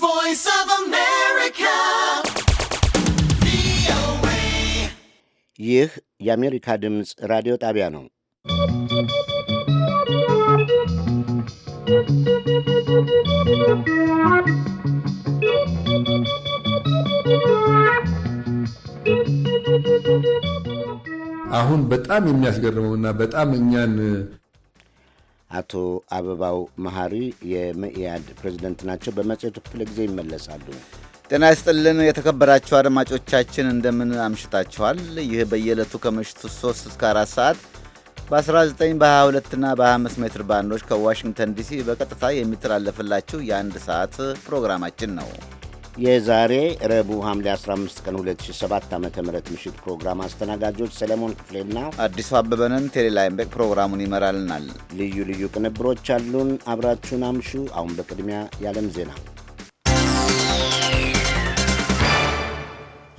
voice of America. ይህ የአሜሪካ ድምፅ ራዲዮ ጣቢያ ነው። አሁን በጣም የሚያስገርመውና በጣም እኛን አቶ አበባው መሐሪ የመኢአድ ፕሬዝደንት ናቸው። በመጽሔቱ ክፍለ ጊዜ ይመለሳሉ። ጤና ይስጥልን የተከበራችሁ አድማጮቻችን እንደምን አምሽታችኋል? ይህ በየዕለቱ ከምሽቱ 3 እስከ 4 ሰዓት በ19 በ22 እና በ25 ሜትር ባንዶች ከዋሽንግተን ዲሲ በቀጥታ የሚተላለፍላችሁ የአንድ ሰዓት ፕሮግራማችን ነው። የዛሬ ረቡዕ ሐምሌ 15 ቀን 2007 ዓ ም ምሽት ፕሮግራም አስተናጋጆች ሰለሞን ክፍሌና አዲሱ አበበንን። ቴሌላይምቤክ ፕሮግራሙን ይመራልናል። ልዩ ልዩ ቅንብሮች አሉን። አብራችሁን አምሹ። አሁን በቅድሚያ የዓለም ዜና።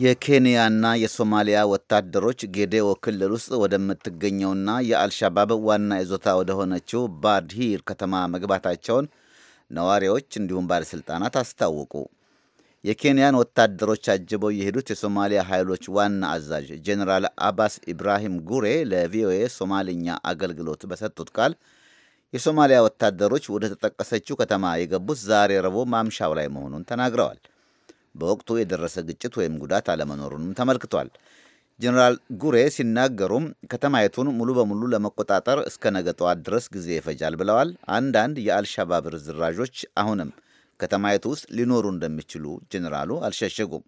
የኬንያና የሶማሊያ ወታደሮች ጌዴኦ ክልል ውስጥ ወደምትገኘውና የአልሻባብ ዋና ይዞታ ወደሆነችው ባድሂር ከተማ መግባታቸውን ነዋሪዎች እንዲሁም ባለሥልጣናት አስታወቁ። የኬንያን ወታደሮች አጅበው የሄዱት የሶማሊያ ኃይሎች ዋና አዛዥ ጄኔራል አባስ ኢብራሂም ጉሬ ለቪኦኤ ሶማልኛ አገልግሎት በሰጡት ቃል የሶማሊያ ወታደሮች ወደ ተጠቀሰችው ከተማ የገቡት ዛሬ ረቡዕ ማምሻው ላይ መሆኑን ተናግረዋል። በወቅቱ የደረሰ ግጭት ወይም ጉዳት አለመኖሩንም ተመልክቷል። ጄኔራል ጉሬ ሲናገሩም ከተማይቱን ሙሉ በሙሉ ለመቆጣጠር እስከ ነገ ጠዋት ድረስ ጊዜ ይፈጃል ብለዋል። አንዳንድ የአልሻባብ ርዝራዦች አሁንም ከተማይቱ ውስጥ ሊኖሩ እንደሚችሉ ጀኔራሉ አልሸሸጉም።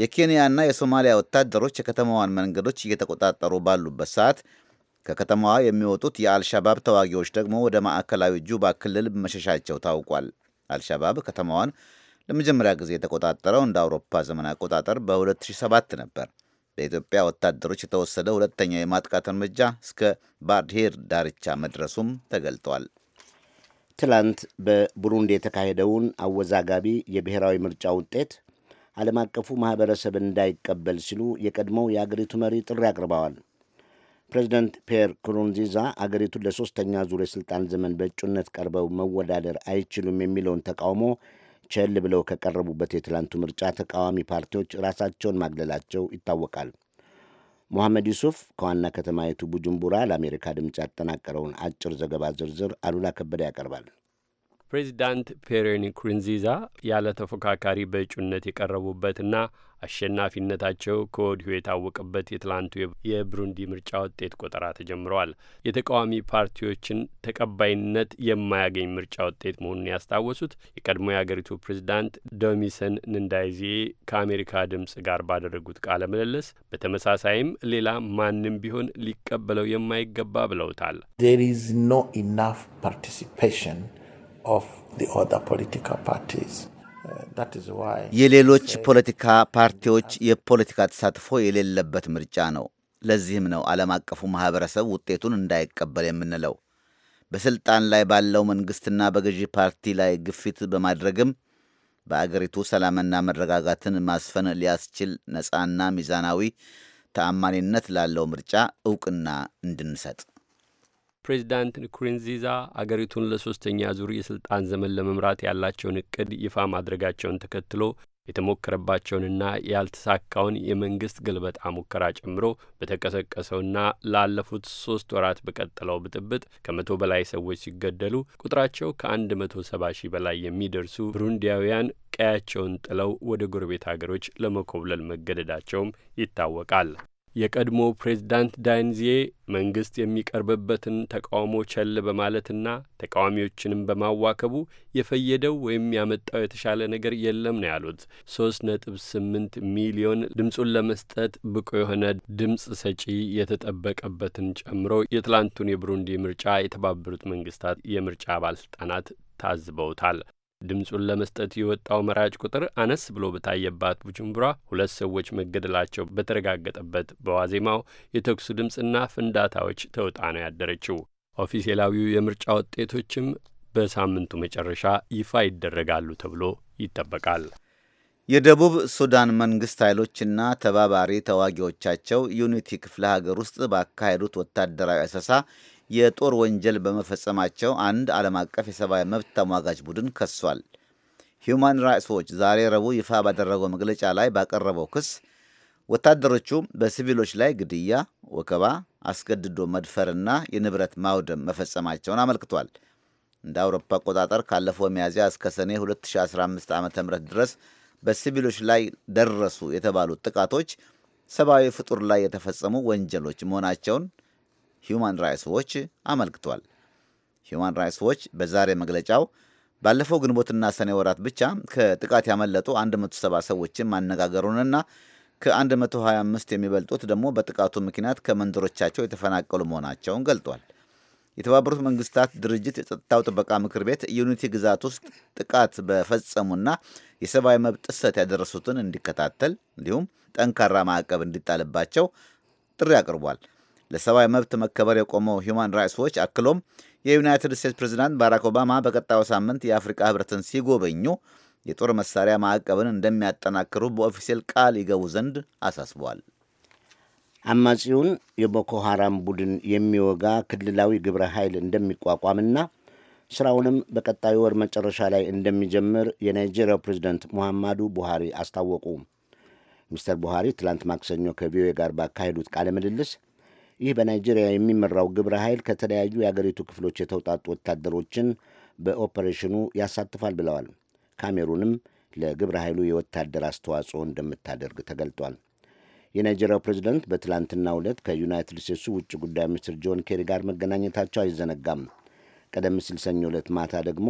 የኬንያና የሶማሊያ ወታደሮች የከተማዋን መንገዶች እየተቆጣጠሩ ባሉበት ሰዓት ከከተማዋ የሚወጡት የአልሻባብ ተዋጊዎች ደግሞ ወደ ማዕከላዊ ጁባ ክልል መሸሻቸው ታውቋል። አልሻባብ ከተማዋን ለመጀመሪያ ጊዜ የተቆጣጠረው እንደ አውሮፓ ዘመን አቆጣጠር በ2007 ነበር። በኢትዮጵያ ወታደሮች የተወሰደ ሁለተኛው የማጥቃት እርምጃ እስከ ባርድሄር ዳርቻ መድረሱም ተገልጧል። ትላንት በቡሩንዲ የተካሄደውን አወዛጋቢ የብሔራዊ ምርጫ ውጤት ዓለም አቀፉ ማኅበረሰብ እንዳይቀበል ሲሉ የቀድሞው የአገሪቱ መሪ ጥሪ አቅርበዋል። ፕሬዚደንት ፒየር ኩሩንዚዛ አገሪቱን ለሦስተኛ ዙር የሥልጣን ዘመን በእጩነት ቀርበው መወዳደር አይችሉም የሚለውን ተቃውሞ ቸል ብለው ከቀረቡበት የትላንቱ ምርጫ ተቃዋሚ ፓርቲዎች ራሳቸውን ማግለላቸው ይታወቃል። ሞሐመድ ዩሱፍ ከዋና ከተማይቱ ቡጁምቡራ ለአሜሪካ ድምፅ ያጠናቀረውን አጭር ዘገባ ዝርዝር አሉላ ከበደ ያቀርባል። ፕሬዚዳንት ፔሬን ኩሪንዚዛ ያለ ተፎካካሪ በእጩነት የቀረቡበትና አሸናፊነታቸው ከወዲሁ የታወቀበት የትላንቱ የብሩንዲ ምርጫ ውጤት ቆጠራ ተጀምረዋል። የተቃዋሚ ፓርቲዎችን ተቀባይነት የማያገኝ ምርጫ ውጤት መሆኑን ያስታወሱት የቀድሞ የአገሪቱ ፕሬዚዳንት ዶሚሰን ንዳይዜ ከአሜሪካ ድምፅ ጋር ባደረጉት ቃለ ምልልስ በተመሳሳይም ሌላ ማንም ቢሆን ሊቀበለው የማይገባ ብለውታል። There Uh, የሌሎች ፖለቲካ ፓርቲዎች የፖለቲካ ተሳትፎ የሌለበት ምርጫ ነው። ለዚህም ነው ዓለም አቀፉ ማኅበረሰብ ውጤቱን እንዳይቀበል የምንለው። በሥልጣን ላይ ባለው መንግሥትና በገዢ ፓርቲ ላይ ግፊት በማድረግም በአገሪቱ ሰላምና መረጋጋትን ማስፈን ሊያስችል ነፃና ሚዛናዊ ተአማኒነት ላለው ምርጫ ዕውቅና እንድንሰጥ ፕሬዚዳንት ንኩሩንዚዛ አገሪቱን ለሶስተኛ ዙር የስልጣን ዘመን ለመምራት ያላቸውን እቅድ ይፋ ማድረጋቸውን ተከትሎ የተሞከረባቸውንና ያልተሳካውን የመንግስት ግልበጣ ሙከራ ጨምሮ በተቀሰቀሰውና ላለፉት ሶስት ወራት በቀጠለው ብጥብጥ ከመቶ በላይ ሰዎች ሲገደሉ ቁጥራቸው ከአንድ መቶ ሰባ ሺህ በላይ የሚደርሱ ብሩንዲያውያን ቀያቸውን ጥለው ወደ ጎረቤት አገሮች ለመኮብለል መገደዳቸውም ይታወቃል። የቀድሞ ፕሬዝዳንት ዳንዚዬ መንግስት የሚቀርብበትን ተቃውሞ ቸል በማለትና ተቃዋሚዎችንም በማዋከቡ የፈየደው ወይም ያመጣው የተሻለ ነገር የለም ነው ያሉት። ሶስት ነጥብ ስምንት ሚሊዮን ድምፁን ለመስጠት ብቁ የሆነ ድምፅ ሰጪ የተጠበቀበትን ጨምሮ የትላንቱን የብሩንዲ ምርጫ የተባበሩት መንግስታት የምርጫ ባለስልጣናት ታዝበውታል። ድምፁን ለመስጠት የወጣው መራጭ ቁጥር አነስ ብሎ በታየባት ቡጁምቡራ ሁለት ሰዎች መገደላቸው በተረጋገጠበት በዋዜማው የተኩሱ ድምፅና ፍንዳታዎች ተውጣ ነው ያደረችው። ኦፊሴላዊው የምርጫ ውጤቶችም በሳምንቱ መጨረሻ ይፋ ይደረጋሉ ተብሎ ይጠበቃል። የደቡብ ሱዳን መንግስት ኃይሎችና ተባባሪ ተዋጊዎቻቸው ዩኒቲ ክፍለ ሀገር ውስጥ ባካሄዱት ወታደራዊ አሰሳ የጦር ወንጀል በመፈጸማቸው አንድ ዓለም አቀፍ የሰብአዊ መብት ተሟጋች ቡድን ከሷል። ሂውማን ራይትስ ዎች ዛሬ ረቡዕ ይፋ ባደረገው መግለጫ ላይ ባቀረበው ክስ ወታደሮቹ በሲቪሎች ላይ ግድያ፣ ወከባ፣ አስገድዶ መድፈርና የንብረት ማውደም መፈጸማቸውን አመልክቷል። እንደ አውሮፓ አቆጣጠር ካለፈው ሚያዝያ እስከ ሰኔ 2015 ዓ ም ድረስ በሲቪሎች ላይ ደረሱ የተባሉት ጥቃቶች ሰብአዊ ፍጡር ላይ የተፈጸሙ ወንጀሎች መሆናቸውን ሂዩማን ራይትስ ዎች አመልክቷል። ሂዩማን ራይትስ ዎች በዛሬ መግለጫው ባለፈው ግንቦትና ሰኔ ወራት ብቻ ከጥቃት ያመለጡ 170 ሰዎችን ማነጋገሩንና ከ125 የሚበልጡት ደግሞ በጥቃቱ ምክንያት ከመንደሮቻቸው የተፈናቀሉ መሆናቸውን ገልጧል። የተባበሩት መንግስታት ድርጅት የጸጥታው ጥበቃ ምክር ቤት ዩኒቲ ግዛት ውስጥ ጥቃት በፈጸሙና የሰብአዊ መብት ጥሰት ያደረሱትን እንዲከታተል እንዲሁም ጠንካራ ማዕቀብ እንዲጣልባቸው ጥሪ አቅርቧል። ለሰብአዊ መብት መከበር የቆመው ሂውማን ራይትስ ዎች አክሎም የዩናይትድ ስቴትስ ፕሬዚዳንት ባራክ ኦባማ በቀጣዩ ሳምንት የአፍሪካ ህብረትን ሲጎበኙ የጦር መሳሪያ ማዕቀብን እንደሚያጠናክሩ በኦፊሴል ቃል ይገቡ ዘንድ አሳስበዋል። አማጺውን የቦኮ ሐራም ቡድን የሚወጋ ክልላዊ ግብረ ኃይል እንደሚቋቋምና ስራውንም በቀጣዩ ወር መጨረሻ ላይ እንደሚጀምር የናይጄሪያው ፕሬዚደንት ሙሐማዱ ቡሃሪ አስታወቁ። ሚስተር ቡሃሪ ትላንት ማክሰኞ ከቪኦኤ ጋር ባካሄዱት ቃለ ምልልስ ይህ በናይጄሪያ የሚመራው ግብረ ኃይል ከተለያዩ የአገሪቱ ክፍሎች የተውጣጡ ወታደሮችን በኦፐሬሽኑ ያሳትፋል ብለዋል። ካሜሩንም ለግብረ ኃይሉ የወታደር አስተዋጽኦ እንደምታደርግ ተገልጧል። የናይጄሪያው ፕሬዚደንት በትላንትናው ዕለት ከዩናይትድ ስቴትሱ ውጭ ጉዳይ ሚኒስትር ጆን ኬሪ ጋር መገናኘታቸው አይዘነጋም። ቀደም ሲል ሰኞ ዕለት ማታ ደግሞ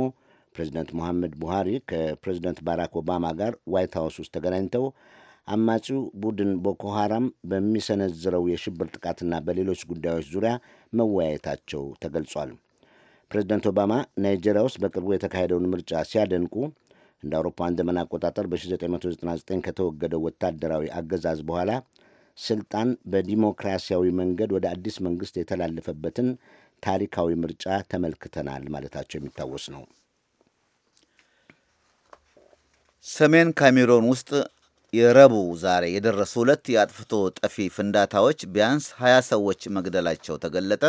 ፕሬዚደንት ሞሐመድ ቡሃሪ ከፕሬዚደንት ባራክ ኦባማ ጋር ዋይት ሀውስ ውስጥ ተገናኝተው አማጺው ቡድን ቦኮ ሃራም በሚሰነዝረው የሽብር ጥቃትና በሌሎች ጉዳዮች ዙሪያ መወያየታቸው ተገልጿል። ፕሬዚደንት ኦባማ ናይጄሪያ ውስጥ በቅርቡ የተካሄደውን ምርጫ ሲያደንቁ እንደ አውሮፓውያን ዘመን አቆጣጠር በ1999 ከተወገደው ወታደራዊ አገዛዝ በኋላ ስልጣን በዲሞክራሲያዊ መንገድ ወደ አዲስ መንግስት የተላለፈበትን ታሪካዊ ምርጫ ተመልክተናል ማለታቸው የሚታወስ ነው። ሰሜን ካሜሮን ውስጥ የረቡዕ ዛሬ የደረሱ ሁለት የአጥፍቶ ጠፊ ፍንዳታዎች ቢያንስ 20 ሰዎች መግደላቸው ተገለጠ።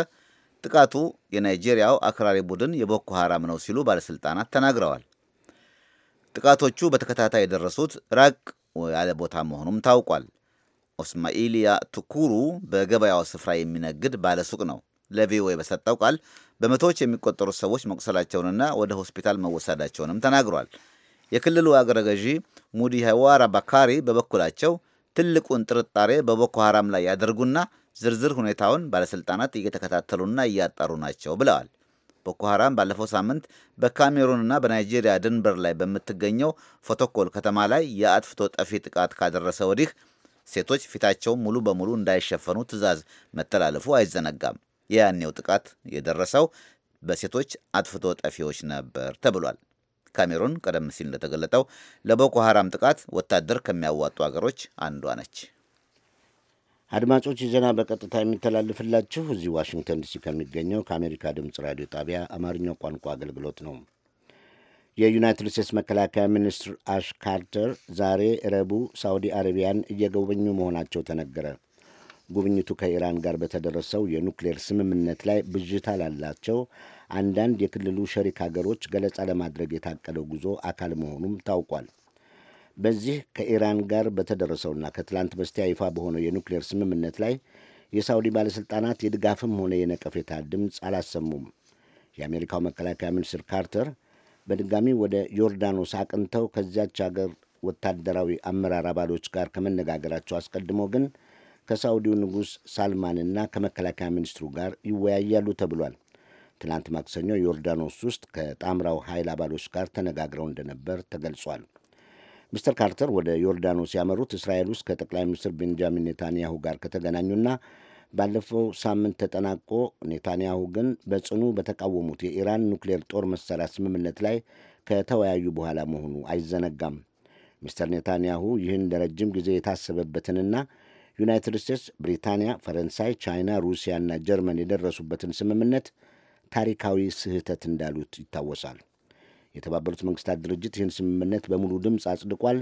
ጥቃቱ የናይጄሪያው አክራሪ ቡድን የቦኮ ሐራም ነው ሲሉ ባለሥልጣናት ተናግረዋል። ጥቃቶቹ በተከታታይ የደረሱት ራቅ ያለ ቦታ መሆኑም ታውቋል። ኦስማኢልያ ትኩሩ በገበያው ስፍራ የሚነግድ ባለሱቅ ነው። ለቪኦኤ በሰጠው ቃል በመቶዎች የሚቆጠሩ ሰዎች መቁሰላቸውንና ወደ ሆስፒታል መወሰዳቸውንም ተናግሯል። የክልሉ አገረ ገዢ ሙዲ ሀዋራ ባካሪ በበኩላቸው ትልቁን ጥርጣሬ በቦኮ ሐራም ላይ ያደርጉና ዝርዝር ሁኔታውን ባለሥልጣናት እየተከታተሉና እያጣሩ ናቸው ብለዋል። ቦኮ ሐራም ባለፈው ሳምንት በካሜሩንና በናይጄሪያ ድንበር ላይ በምትገኘው ፎቶኮል ከተማ ላይ የአጥፍቶ ጠፊ ጥቃት ካደረሰ ወዲህ ሴቶች ፊታቸውን ሙሉ በሙሉ እንዳይሸፈኑ ትዕዛዝ መተላለፉ አይዘነጋም። የያኔው ጥቃት የደረሰው በሴቶች አጥፍቶ ጠፊዎች ነበር ተብሏል። ካሜሩን ቀደም ሲል እንደተገለጠው ለቦኮ ሀራም ጥቃት ወታደር ከሚያዋጡ አገሮች አንዷ ነች። አድማጮች ዜና በቀጥታ የሚተላልፍላችሁ እዚህ ዋሽንግተን ዲሲ ከሚገኘው ከአሜሪካ ድምፅ ራዲዮ ጣቢያ አማርኛው ቋንቋ አገልግሎት ነው። የዩናይትድ ስቴትስ መከላከያ ሚኒስትር አሽ ካርተር ዛሬ ረቡዕ ሳውዲ አረቢያን እየጎበኙ መሆናቸው ተነገረ። ጉብኝቱ ከኢራን ጋር በተደረሰው የኑክሌር ስምምነት ላይ ብዥታ ላላቸው አንዳንድ የክልሉ ሸሪክ ሀገሮች ገለጻ ለማድረግ የታቀደው ጉዞ አካል መሆኑም ታውቋል። በዚህ ከኢራን ጋር በተደረሰውና ከትላንት በስቲያ ይፋ በሆነው የኑክሌር ስምምነት ላይ የሳውዲ ባለሥልጣናት የድጋፍም ሆነ የነቀፌታ ድምፅ አላሰሙም። የአሜሪካው መከላከያ ሚኒስትር ካርተር በድጋሚ ወደ ዮርዳኖስ አቅንተው ከዚያች አገር ወታደራዊ አመራር አባሎች ጋር ከመነጋገራቸው አስቀድሞ ግን ከሳውዲው ንጉሥ ሳልማንና ከመከላከያ ሚኒስትሩ ጋር ይወያያሉ ተብሏል። ትናንት ማክሰኞ ዮርዳኖስ ውስጥ ከጣምራው ኃይል አባሎች ጋር ተነጋግረው እንደነበር ተገልጿል። ሚስተር ካርተር ወደ ዮርዳኖስ ያመሩት እስራኤል ውስጥ ከጠቅላይ ሚኒስትር ቤንጃሚን ኔታንያሁ ጋር ከተገናኙና ባለፈው ሳምንት ተጠናቆ ኔታንያሁ ግን በጽኑ በተቃወሙት የኢራን ኑክሌር ጦር መሳሪያ ስምምነት ላይ ከተወያዩ በኋላ መሆኑ አይዘነጋም። ሚስተር ኔታንያሁ ይህን ለረጅም ጊዜ የታሰበበትንና ዩናይትድ ስቴትስ፣ ብሪታንያ፣ ፈረንሳይ፣ ቻይና፣ ሩሲያና ጀርመን የደረሱበትን ስምምነት ታሪካዊ ስህተት እንዳሉት ይታወሳል። የተባበሩት መንግስታት ድርጅት ይህን ስምምነት በሙሉ ድምፅ አጽድቋል።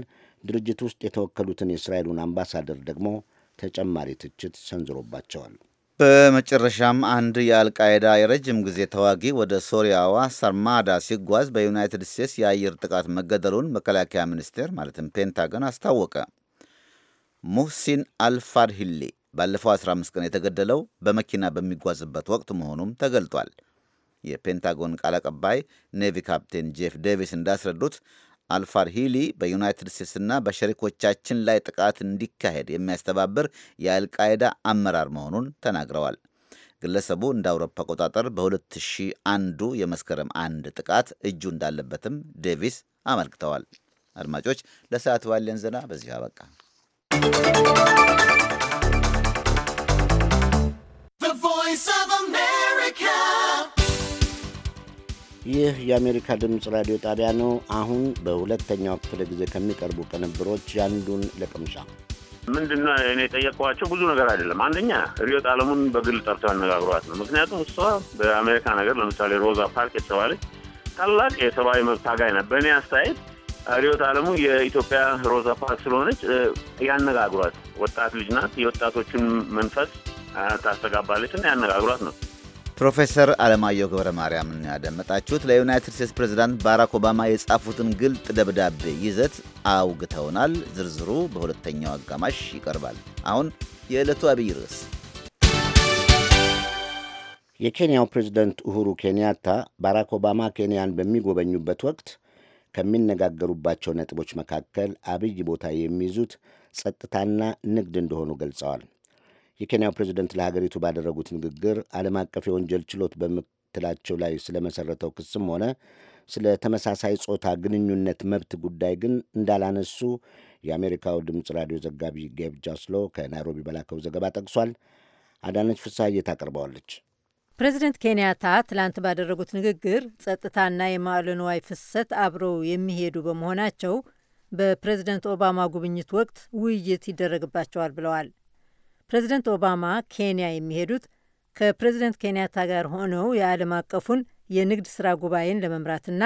ድርጅት ውስጥ የተወከሉትን የእስራኤሉን አምባሳደር ደግሞ ተጨማሪ ትችት ሰንዝሮባቸዋል። በመጨረሻም አንድ የአልቃይዳ የረጅም ጊዜ ተዋጊ ወደ ሶሪያዋ ሰርማዳ ሲጓዝ በዩናይትድ ስቴትስ የአየር ጥቃት መገደሉን መከላከያ ሚኒስቴር ማለትም ፔንታገን አስታወቀ። ሙህሲን አልፋድሂሌ ባለፈው 15 ቀን የተገደለው በመኪና በሚጓዝበት ወቅት መሆኑም ተገልጧል። የፔንታጎን ቃል አቀባይ ኔቪ ካፕቴን ጄፍ ዴቪስ እንዳስረዱት ሂሊ በዩናይትድ ስቴትስና በሸሪኮቻችን ላይ ጥቃት እንዲካሄድ የሚያስተባብር የአልቃይዳ አመራር መሆኑን ተናግረዋል። ግለሰቡ እንደ አውሮፓ አቆጣጠር በ2001ዱ የመስከረም አንድ ጥቃት እጁ እንዳለበትም ዴቪስ አመልክተዋል። አድማጮች፣ ለሰዓት ባለን ዜና በዚህ አበቃ። ይህ የአሜሪካ ድምፅ ራዲዮ ጣቢያ ነው። አሁን በሁለተኛው ክፍለ ጊዜ ከሚቀርቡ ቅንብሮች ያንዱን ለቅምሻ ምንድነ እኔ የጠየቀዋቸው ብዙ ነገር አይደለም። አንደኛ ሪዮት አለሙን በግል ጠርተው ያነጋግሯት ነው። ምክንያቱም እሷ በአሜሪካ ነገር ለምሳሌ ሮዛ ፓርክ የተባለች ታላቅ የሰብአዊ መብት ታጋይ ነበር። በእኔ አስተያየት ሪዮት አለሙ የኢትዮጵያ ሮዛ ፓርክ ስለሆነች ያነጋግሯት። ወጣት ልጅ ናት። የወጣቶችን መንፈስ ታስተጋባለች እና ያነጋግሯት ነው ፕሮፌሰር አለማየሁ ገብረ ማርያምን ያደመጣችሁት ለዩናይትድ ስቴትስ ፕሬዝዳንት ባራክ ኦባማ የጻፉትን ግልጥ ደብዳቤ ይዘት አውግተውናል። ዝርዝሩ በሁለተኛው አጋማሽ ይቀርባል። አሁን የዕለቱ አብይ ርዕስ የኬንያው ፕሬዚደንት ኡሁሩ ኬንያታ ባራክ ኦባማ ኬንያን በሚጎበኙበት ወቅት ከሚነጋገሩባቸው ነጥቦች መካከል አብይ ቦታ የሚይዙት ጸጥታና ንግድ እንደሆኑ ገልጸዋል። የኬንያው ፕሬዚደንት ለሀገሪቱ ባደረጉት ንግግር ዓለም አቀፍ የወንጀል ችሎት በምክትላቸው ላይ ስለመሰረተው ክስም ሆነ ስለ ተመሳሳይ ጾታ ግንኙነት መብት ጉዳይ ግን እንዳላነሱ የአሜሪካው ድምፅ ራዲዮ ዘጋቢ ጌብ ጃስሎ ከናይሮቢ በላከው ዘገባ ጠቅሷል። አዳነች ፍስሐዬ ታቀርበዋለች። ፕሬዚደንት ኬንያታ ትላንት ባደረጉት ንግግር ጸጥታና የማዕለ ንዋይ ፍሰት አብረው የሚሄዱ በመሆናቸው በፕሬዝደንት ኦባማ ጉብኝት ወቅት ውይይት ይደረግባቸዋል ብለዋል። ፕሬዚደንት ኦባማ ኬንያ የሚሄዱት ከፕሬዚደንት ኬንያታ ጋር ሆነው የዓለም አቀፉን የንግድ ሥራ ጉባኤን ለመምራትና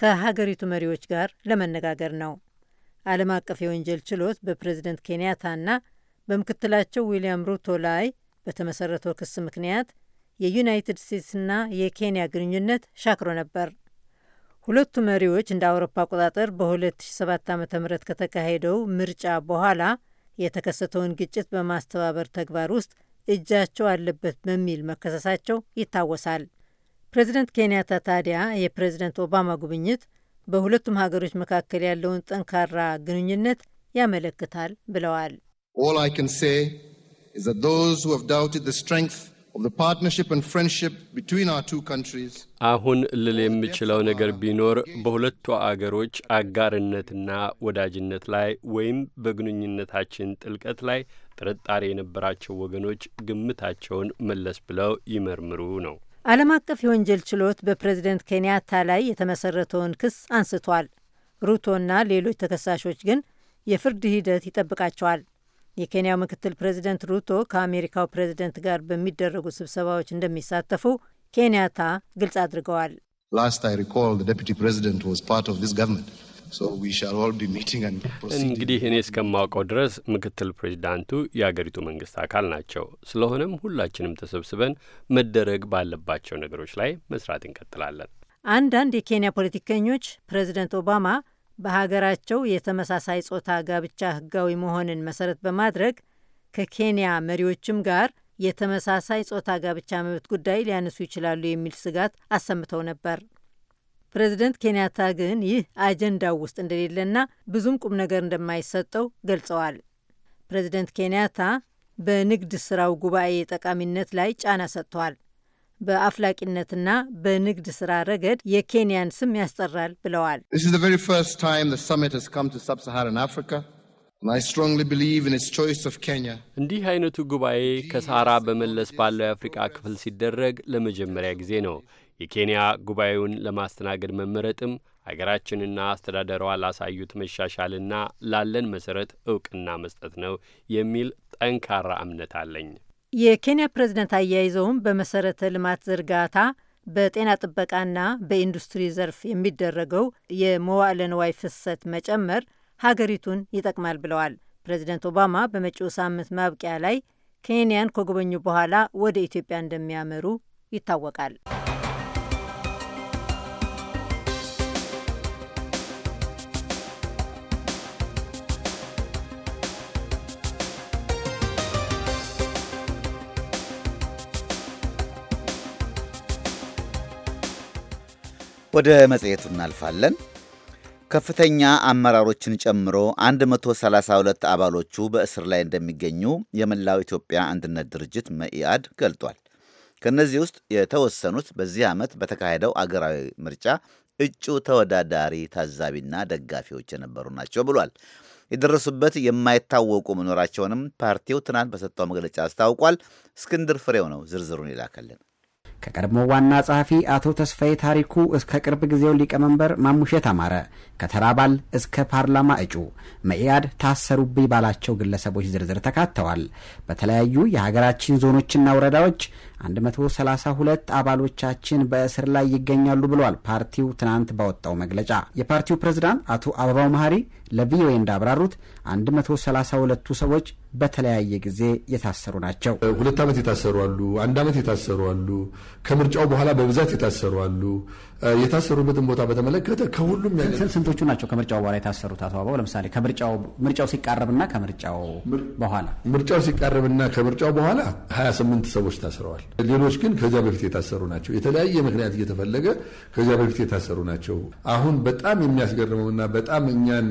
ከሀገሪቱ መሪዎች ጋር ለመነጋገር ነው። ዓለም አቀፍ የወንጀል ችሎት በፕሬዚደንት ኬንያታና በምክትላቸው ዊልያም ሩቶ ላይ በተመሰረተው ክስ ምክንያት የዩናይትድ ስቴትስና የኬንያ ግንኙነት ሻክሮ ነበር። ሁለቱ መሪዎች እንደ አውሮፓ አቆጣጠር በ2007 ዓ ም ከተካሄደው ምርጫ በኋላ የተከሰተውን ግጭት በማስተባበር ተግባር ውስጥ እጃቸው አለበት በሚል መከሰሳቸው ይታወሳል። ፕሬዚደንት ኬንያታ ታዲያ የፕሬዚደንት ኦባማ ጉብኝት በሁለቱም ሀገሮች መካከል ያለውን ጠንካራ ግንኙነት ያመለክታል ብለዋል። All I can say is that those who have doubted the strength አሁን ልል የምችለው ነገር ቢኖር በሁለቱ አገሮች አጋርነትና ወዳጅነት ላይ ወይም በግንኙነታችን ጥልቀት ላይ ጥርጣሬ የነበራቸው ወገኖች ግምታቸውን መለስ ብለው ይመርምሩ ነው። ዓለም አቀፍ የወንጀል ችሎት በፕሬዝደንት ኬንያታ ላይ የተመሰረተውን ክስ አንስቷል። ሩቶና ሌሎች ተከሳሾች ግን የፍርድ ሂደት ይጠብቃቸዋል። የኬንያው ምክትል ፕሬዚደንት ሩቶ ከአሜሪካው ፕሬዚደንት ጋር በሚደረጉ ስብሰባዎች እንደሚሳተፉ ኬንያታ ግልጽ አድርገዋል። እንግዲህ እኔ እስከማውቀው ድረስ ምክትል ፕሬዚዳንቱ የአገሪቱ መንግስት አካል ናቸው። ስለሆነም ሁላችንም ተሰብስበን መደረግ ባለባቸው ነገሮች ላይ መስራት እንቀጥላለን። አንዳንድ የኬንያ ፖለቲከኞች ፕሬዚደንት ኦባማ በሀገራቸው የተመሳሳይ ጾታ ጋብቻ ህጋዊ መሆንን መሰረት በማድረግ ከኬንያ መሪዎችም ጋር የተመሳሳይ ጾታ ጋብቻ መብት ጉዳይ ሊያነሱ ይችላሉ የሚል ስጋት አሰምተው ነበር። ፕሬዚደንት ኬንያታ ግን ይህ አጀንዳው ውስጥ እንደሌለና ብዙም ቁም ነገር እንደማይሰጠው ገልጸዋል። ፕሬዚደንት ኬንያታ በንግድ ስራው ጉባኤ ጠቃሚነት ላይ ጫና ሰጥተዋል። በአፍላቂነትና በንግድ ስራ ረገድ የኬንያን ስም ያስጠራል ብለዋል። እንዲህ አይነቱ ጉባኤ ከሳራ በመለስ ባለው የአፍሪቃ ክፍል ሲደረግ ለመጀመሪያ ጊዜ ነው። የኬንያ ጉባኤውን ለማስተናገድ መመረጥም ሀገራችንና አስተዳደሯ ላሳዩት መሻሻልና ላለን መሰረት እውቅና መስጠት ነው የሚል ጠንካራ እምነት አለኝ። የኬንያ ፕሬዝደንት አያይዘውም በመሰረተ ልማት ዝርጋታ፣ በጤና ጥበቃና በኢንዱስትሪ ዘርፍ የሚደረገው የመዋዕለ ንዋይ ፍሰት መጨመር ሀገሪቱን ይጠቅማል ብለዋል። ፕሬዝደንት ኦባማ በመጪው ሳምንት ማብቂያ ላይ ኬንያን ከጎበኙ በኋላ ወደ ኢትዮጵያ እንደሚያመሩ ይታወቃል። ወደ መጽሔቱ እናልፋለን። ከፍተኛ አመራሮችን ጨምሮ 132 አባሎቹ በእስር ላይ እንደሚገኙ የመላው ኢትዮጵያ አንድነት ድርጅት መኢአድ ገልጧል። ከእነዚህ ውስጥ የተወሰኑት በዚህ ዓመት በተካሄደው አገራዊ ምርጫ እጩ ተወዳዳሪ ታዛቢና ደጋፊዎች የነበሩ ናቸው ብሏል። የደረሱበት የማይታወቁ መኖራቸውንም ፓርቲው ትናንት በሰጠው መግለጫ አስታውቋል። እስክንድር ፍሬው ነው ዝርዝሩን ይላከልን። ከቀድሞ ዋና ጸሐፊ አቶ ተስፋዬ ታሪኩ እስከ ቅርብ ጊዜው ሊቀመንበር ማሙሸት አማረ፣ ከተራባል እስከ ፓርላማ እጩ መኢአድ ታሰሩብኝ ባላቸው ግለሰቦች ዝርዝር ተካተዋል። በተለያዩ የሀገራችን ዞኖችና ወረዳዎች 132 አባሎቻችን በእስር ላይ ይገኛሉ ብሏል ፓርቲው ትናንት ባወጣው መግለጫ። የፓርቲው ፕሬዝዳንት አቶ አበባው መሀሪ ለቪኦኤ እንዳብራሩት 132ቱ ሰዎች በተለያየ ጊዜ የታሰሩ ናቸው። ሁለት ዓመት የታሰሩ አሉ። አንድ ዓመት የታሰሩ አሉ። ከምርጫው በኋላ በብዛት የታሰሩ አሉ። የታሰሩበትን ቦታ በተመለከተ ከሁሉም ስንቶቹ ናቸው ከምርጫው በኋላ የታሰሩት? አቶ አባው ለምሳሌ ምርጫው ሲቃረብና ከምርጫው በኋላ ምርጫው ሲቃረብና ከምርጫው በኋላ 28 ሰዎች ታስረዋል። ሌሎች ግን ከዚያ በፊት የታሰሩ ናቸው። የተለያየ ምክንያት እየተፈለገ ከዚያ በፊት የታሰሩ ናቸው። አሁን በጣም የሚያስገርመውና በጣም እኛን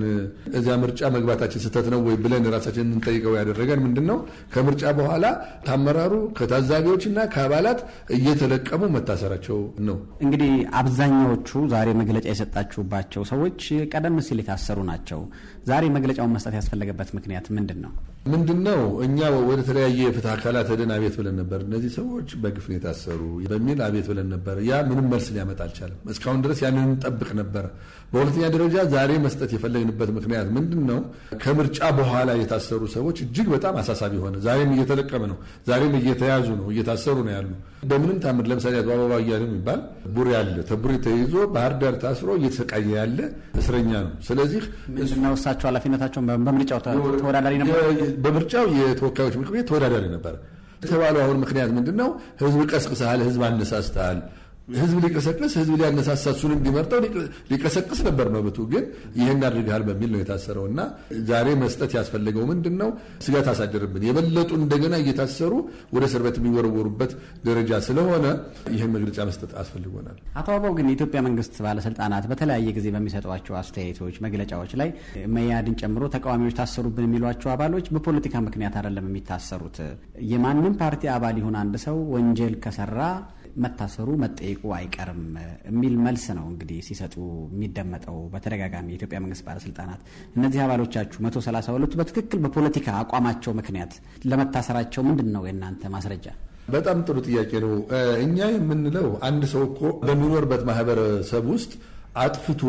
እዚያ ምርጫ መግባታችን ስህተት ነው ወይ ብለን ራሳችን እንጠይቀው ያደ ያደረገን ምንድን ነው? ከምርጫ በኋላ ከአመራሩ ከታዛቢዎችና ከአባላት እየተለቀሙ መታሰራቸው ነው። እንግዲህ አብዛኛዎቹ ዛሬ መግለጫ የሰጣችሁባቸው ሰዎች ቀደም ሲል የታሰሩ ናቸው። ዛሬ መግለጫውን መስጠት ያስፈለገበት ምክንያት ምንድን ነው? ምንድን ነው እኛ ወደ ተለያየ የፍትህ አካላት ሄደን አቤት ብለን ነበር። እነዚህ ሰዎች በግፍ ነው የታሰሩ በሚል አቤት ብለን ነበር። ያ ምንም መልስ ሊያመጣ አልቻለም። እስካሁን ድረስ ያንን እንጠብቅ ነበር። በሁለተኛ ደረጃ ዛሬ መስጠት የፈለግንበት ምክንያት ምንድን ነው? ከምርጫ በኋላ የታሰሩ ሰዎች እጅግ በጣም አሳሳቢ ሆነ። ዛሬም እየተለቀመ ነው። ዛሬም እየተያዙ ነው፣ እየታሰሩ ነው ያሉ በምንም ታምር ለምሳሌ አቶ አበባ እያለ የሚባል ቡሬ አለ። ተቡሬ ተይዞ ባህር ዳር ታስሮ እየተሰቃየ ያለ እስረኛ ነው። ስለዚህ ምንድነው ውሳቸው ኃላፊነታቸው በምርጫው ተወዳዳሪ ነበር። በምርጫው የተወካዮች ምክር ቤት ተወዳዳሪ ነበር የተባለው አሁን ምክንያት ምንድን ነው? ህዝብ ቀስቅሰሃል፣ ህዝብ አነሳስተሃል ህዝብ ሊቀሰቅስ ህዝብ ሊያነሳሳ እሱን እንዲመርጠው ሊቀሰቅስ ነበር መብቱ። ግን ይህን አድርገሃል በሚል ነው የታሰረው እና ዛሬ መስጠት ያስፈለገው ምንድን ነው? ስጋት አሳደርብን የበለጡ እንደገና እየታሰሩ ወደ እስር ቤት የሚወረወሩበት ደረጃ ስለሆነ ይህን መግለጫ መስጠት አስፈልጎናል። አቶ አበባው ግን የኢትዮጵያ መንግስት ባለስልጣናት በተለያየ ጊዜ በሚሰጧቸው አስተያየቶች፣ መግለጫዎች ላይ መያድን ጨምሮ ተቃዋሚዎች ታሰሩብን የሚሏቸው አባሎች በፖለቲካ ምክንያት አይደለም የሚታሰሩት የማንም ፓርቲ አባል ይሁን አንድ ሰው ወንጀል ከሰራ መታሰሩ መጠየቁ አይቀርም የሚል መልስ ነው እንግዲህ ሲሰጡ የሚደመጠው በተደጋጋሚ የኢትዮጵያ መንግስት ባለስልጣናት። እነዚህ አባሎቻችሁ መቶ ሰላሳ ሁለቱ በትክክል በፖለቲካ አቋማቸው ምክንያት ለመታሰራቸው ምንድን ነው የእናንተ ማስረጃ? በጣም ጥሩ ጥያቄ ነው። እኛ የምንለው አንድ ሰው እኮ በሚኖርበት ማህበረሰብ ውስጥ አጥፍቶ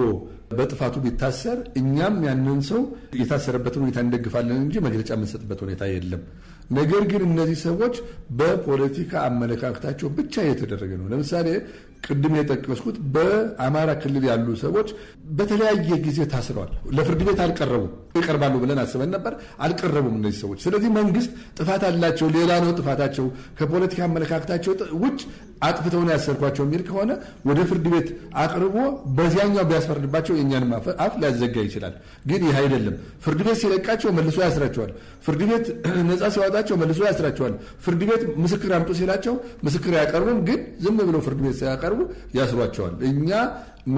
በጥፋቱ ቢታሰር እኛም ያንን ሰው የታሰረበትን ሁኔታ እንደግፋለን እንጂ መግለጫ የምንሰጥበት ሁኔታ የለም። ነገር ግን እነዚህ ሰዎች በፖለቲካ አመለካከታቸው ብቻ እየተደረገ ነው። ለምሳሌ ቅድም የጠቀስኩት በአማራ ክልል ያሉ ሰዎች በተለያየ ጊዜ ታስረዋል፣ ለፍርድ ቤት አልቀረቡም። ይቀርባሉ ብለን አስበን ነበር። አልቀረቡም እነዚህ ሰዎች። ስለዚህ መንግስት ጥፋት አላቸው፣ ሌላ ነው ጥፋታቸው፣ ከፖለቲካ አመለካከታቸው ውጭ አጥፍተውን ያሰርኳቸው የሚል ከሆነ ወደ ፍርድ ቤት አቅርቦ በዚያኛው ቢያስፈርድባቸው የእኛንም አፍ ሊያዘጋ ይችላል። ግን ይህ አይደለም። ፍርድ ቤት ሲለቃቸው መልሶ ያስራቸዋል። ፍርድ ቤት ነፃ ሲያወጣቸው መልሶ ያስራቸዋል። ፍርድ ቤት ምስክር አምጡ ሲላቸው ምስክር አያቀርቡም። ግን ዝም ብለው ፍርድ ቤት ሲያቀርቡ ያስሯቸዋል። እኛ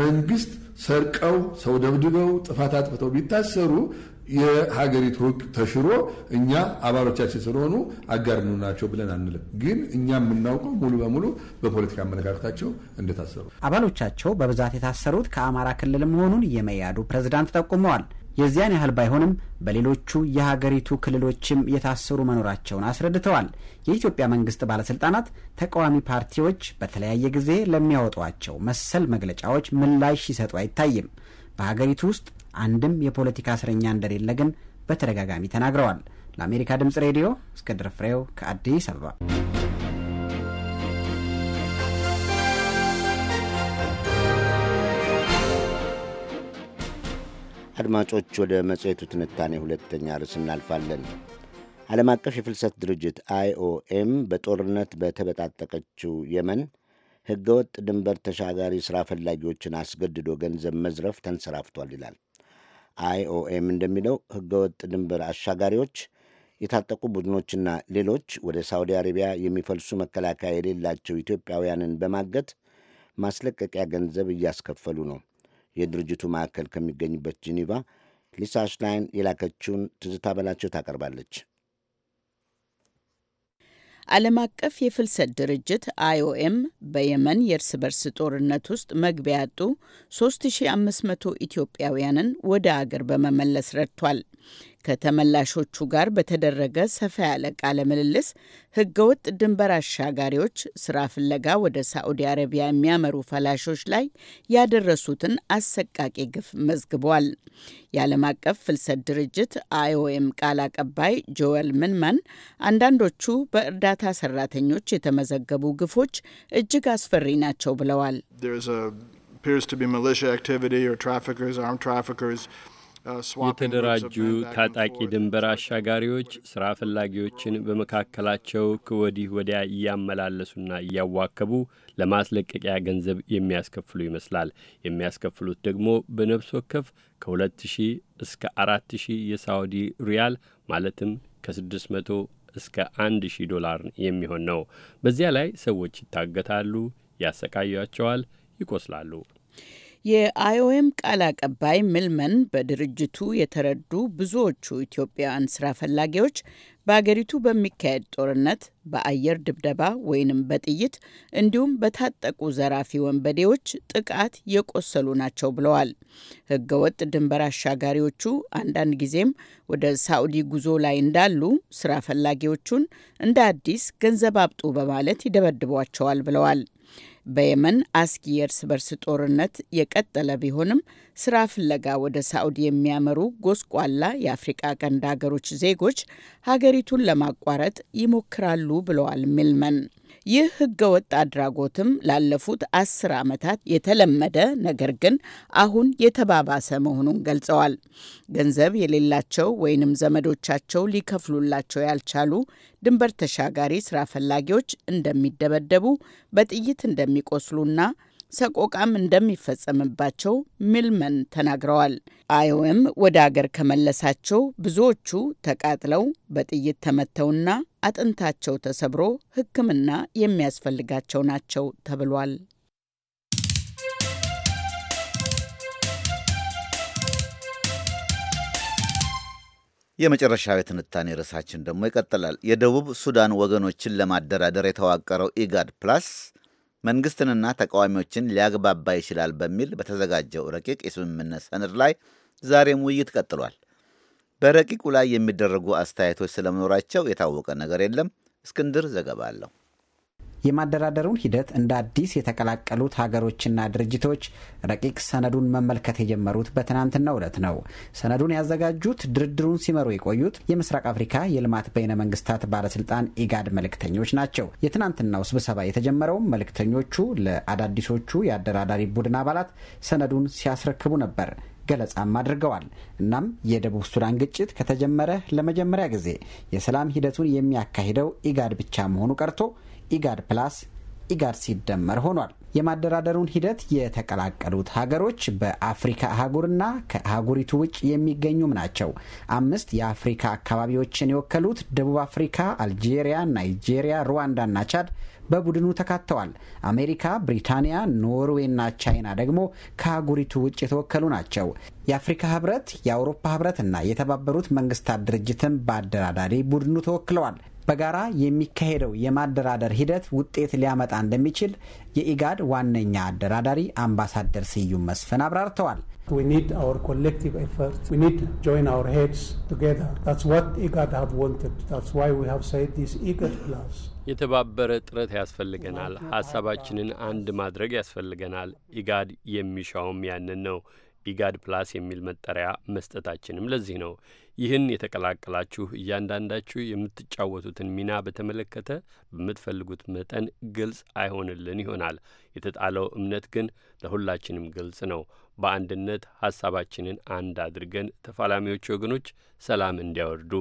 መንግስት ሰርቀው ሰው ደብድበው ጥፋት አጥፍተው ቢታሰሩ የሀገሪቱ ሕግ ተሽሮ እኛ አባሎቻችን ስለሆኑ አጋርኑ ናቸው ብለን አንልም። ግን እኛ የምናውቀው ሙሉ በሙሉ በፖለቲካ አመለካከታቸው እንደታሰሩ አባሎቻቸው በብዛት የታሰሩት ከአማራ ክልል መሆኑን የመያዱ ፕሬዝዳንት ጠቁመዋል። የዚያን ያህል ባይሆንም በሌሎቹ የሀገሪቱ ክልሎችም የታሰሩ መኖራቸውን አስረድተዋል። የኢትዮጵያ መንግስት ባለስልጣናት ተቃዋሚ ፓርቲዎች በተለያየ ጊዜ ለሚያወጧቸው መሰል መግለጫዎች ምላሽ ሲሰጡ አይታይም። በሀገሪቱ ውስጥ አንድም የፖለቲካ እስረኛ እንደሌለ ግን በተደጋጋሚ ተናግረዋል። ለአሜሪካ ድምጽ ሬዲዮ እስክንድር ፍሬው ከአዲስ አበባ አድማጮች፣ ወደ መጽሔቱ ትንታኔ ሁለተኛ ርዕስ እናልፋለን። ዓለም አቀፍ የፍልሰት ድርጅት አይኦኤም በጦርነት በተበጣጠቀችው የመን ሕገወጥ ድንበር ተሻጋሪ ሥራ ፈላጊዎችን አስገድዶ ገንዘብ መዝረፍ ተንሰራፍቷል ይላል። አይኦኤም እንደሚለው ሕገወጥ ድንበር አሻጋሪዎች የታጠቁ ቡድኖችና ሌሎች ወደ ሳውዲ አረቢያ የሚፈልሱ መከላከያ የሌላቸው ኢትዮጵያውያንን በማገት ማስለቀቂያ ገንዘብ እያስከፈሉ ነው። የድርጅቱ ማዕከል ከሚገኝበት ጂኒቫ ሊሳ ሽላይን የላከችውን ትዝታ በላቸው ታቀርባለች። ዓለም አቀፍ የፍልሰት ድርጅት አይኦኤም በየመን የእርስ በርስ ጦርነት ውስጥ መግቢያ ያጡ 3500 ኢትዮጵያውያንን ወደ አገር በመመለስ ረድቷል። ከተመላሾቹ ጋር በተደረገ ሰፋ ያለ ቃለ ምልልስ ህገወጥ ድንበር አሻጋሪዎች ስራ ፍለጋ ወደ ሳዑዲ አረቢያ የሚያመሩ ፈላሾች ላይ ያደረሱትን አሰቃቂ ግፍ መዝግቧል። የዓለም አቀፍ ፍልሰት ድርጅት አይኦኤም ቃል አቀባይ ጆዌል ምንመን አንዳንዶቹ በእርዳታ ሰራተኞች የተመዘገቡ ግፎች እጅግ አስፈሪ ናቸው ብለዋል። የተደራጁ ታጣቂ ድንበር አሻጋሪዎች ስራ ፈላጊዎችን በመካከላቸው ከወዲህ ወዲያ እያመላለሱና እያዋከቡ ለማስለቀቂያ ገንዘብ የሚያስከፍሉ ይመስላል። የሚያስከፍሉት ደግሞ በነብስ ወከፍ ከ2000 እስከ 4000 የሳውዲ ሪያል ማለትም ከ600 እስከ 1000 ዶላር የሚሆን ነው። በዚያ ላይ ሰዎች ይታገታሉ፣ ያሰቃያቸዋል፣ ይቆስላሉ። የአይኦኤም ቃል አቀባይ ምልመን በድርጅቱ የተረዱ ብዙዎቹ ኢትዮጵያውያን ስራ ፈላጊዎች በአገሪቱ በሚካሄድ ጦርነት፣ በአየር ድብደባ ወይንም በጥይት እንዲሁም በታጠቁ ዘራፊ ወንበዴዎች ጥቃት የቆሰሉ ናቸው ብለዋል። ህገወጥ ድንበር አሻጋሪዎቹ አንዳንድ ጊዜም ወደ ሳዑዲ ጉዞ ላይ እንዳሉ ስራ ፈላጊዎቹን እንደ አዲስ ገንዘብ አብጡ በማለት ይደበድቧቸዋል ብለዋል። በየመን አስጊ የእርስ በርስ ጦርነት የቀጠለ ቢሆንም ስራ ፍለጋ ወደ ሳዑዲ የሚያመሩ ጎስቋላ የአፍሪቃ ቀንድ ሀገሮች ዜጎች ሀገሪቱን ለማቋረጥ ይሞክራሉ ብለዋል ሚልመን። ይህ ህገወጥ አድራጎትም ላለፉት አስር ዓመታት የተለመደ ነገር ግን አሁን የተባባሰ መሆኑን ገልጸዋል። ገንዘብ የሌላቸው ወይንም ዘመዶቻቸው ሊከፍሉላቸው ያልቻሉ ድንበር ተሻጋሪ ስራ ፈላጊዎች እንደሚደበደቡ፣ በጥይት እንደሚቆስሉና ሰቆቃም እንደሚፈጸምባቸው ሚልመን ተናግረዋል። አይኦኤም ወደ አገር ከመለሳቸው ብዙዎቹ ተቃጥለው በጥይት ተመተውና አጥንታቸው ተሰብሮ ሕክምና የሚያስፈልጋቸው ናቸው ተብሏል። የመጨረሻው የትንታኔ ርዕሳችን ደግሞ ይቀጥላል። የደቡብ ሱዳን ወገኖችን ለማደራደር የተዋቀረው ኢጋድ ፕላስ መንግስትንና ተቃዋሚዎችን ሊያግባባ ይችላል በሚል በተዘጋጀው ረቂቅ የስምምነት ሰነድ ላይ ዛሬም ውይይት ቀጥሏል። በረቂቁ ላይ የሚደረጉ አስተያየቶች ስለመኖራቸው የታወቀ ነገር የለም። እስክንድር ዘገባ አለው። የማደራደሩን ሂደት እንደ አዲስ የተቀላቀሉት ሀገሮችና ድርጅቶች ረቂቅ ሰነዱን መመልከት የጀመሩት በትናንትናው ዕለት ነው። ሰነዱን ያዘጋጁት ድርድሩን ሲመሩ የቆዩት የምስራቅ አፍሪካ የልማት በይነ መንግስታት ባለስልጣን ኢጋድ መልእክተኞች ናቸው። የትናንትናው ስብሰባ የተጀመረውም መልእክተኞቹ ለአዳዲሶቹ የአደራዳሪ ቡድን አባላት ሰነዱን ሲያስረክቡ ነበር። ገለጻም አድርገዋል። እናም የደቡብ ሱዳን ግጭት ከተጀመረ ለመጀመሪያ ጊዜ የሰላም ሂደቱን የሚያካሂደው ኢጋድ ብቻ መሆኑ ቀርቶ ኢጋድ ፕላስ ኢጋድ ሲደመር ሆኗል። የማደራደሩን ሂደት የተቀላቀሉት ሀገሮች በአፍሪካ አህጉርና ከአህጉሪቱ ውጭ የሚገኙም ናቸው። አምስት የአፍሪካ አካባቢዎችን የወከሉት ደቡብ አፍሪካ፣ አልጄሪያ፣ ናይጄሪያ፣ ሩዋንዳና ቻድ በቡድኑ ተካተዋል። አሜሪካ፣ ብሪታንያ፣ ኖርዌይና ቻይና ደግሞ ከአህጉሪቱ ውጭ የተወከሉ ናቸው። የአፍሪካ ህብረት፣ የአውሮፓ ህብረትና የተባበሩት መንግስታት ድርጅትን በአደራዳሪ ቡድኑ ተወክለዋል። በጋራ የሚካሄደው የማደራደር ሂደት ውጤት ሊያመጣ እንደሚችል የኢጋድ ዋነኛ አደራዳሪ አምባሳደር ስዩም መስፍን አብራርተዋል። የተባበረ ጥረት ያስፈልገናል። ሀሳባችንን አንድ ማድረግ ያስፈልገናል። ኢጋድ የሚሻውም ያንን ነው። ኢጋድ ፕላስ የሚል መጠሪያ መስጠታችንም ለዚህ ነው። ይህን የተቀላቀላችሁ እያንዳንዳችሁ የምትጫወቱትን ሚና በተመለከተ በምትፈልጉት መጠን ግልጽ አይሆንልን ይሆናል። የተጣለው እምነት ግን ለሁላችንም ግልጽ ነው። በአንድነት ሀሳባችንን አንድ አድርገን ተፋላሚዎች ወገኖች ሰላም እንዲያወርዱ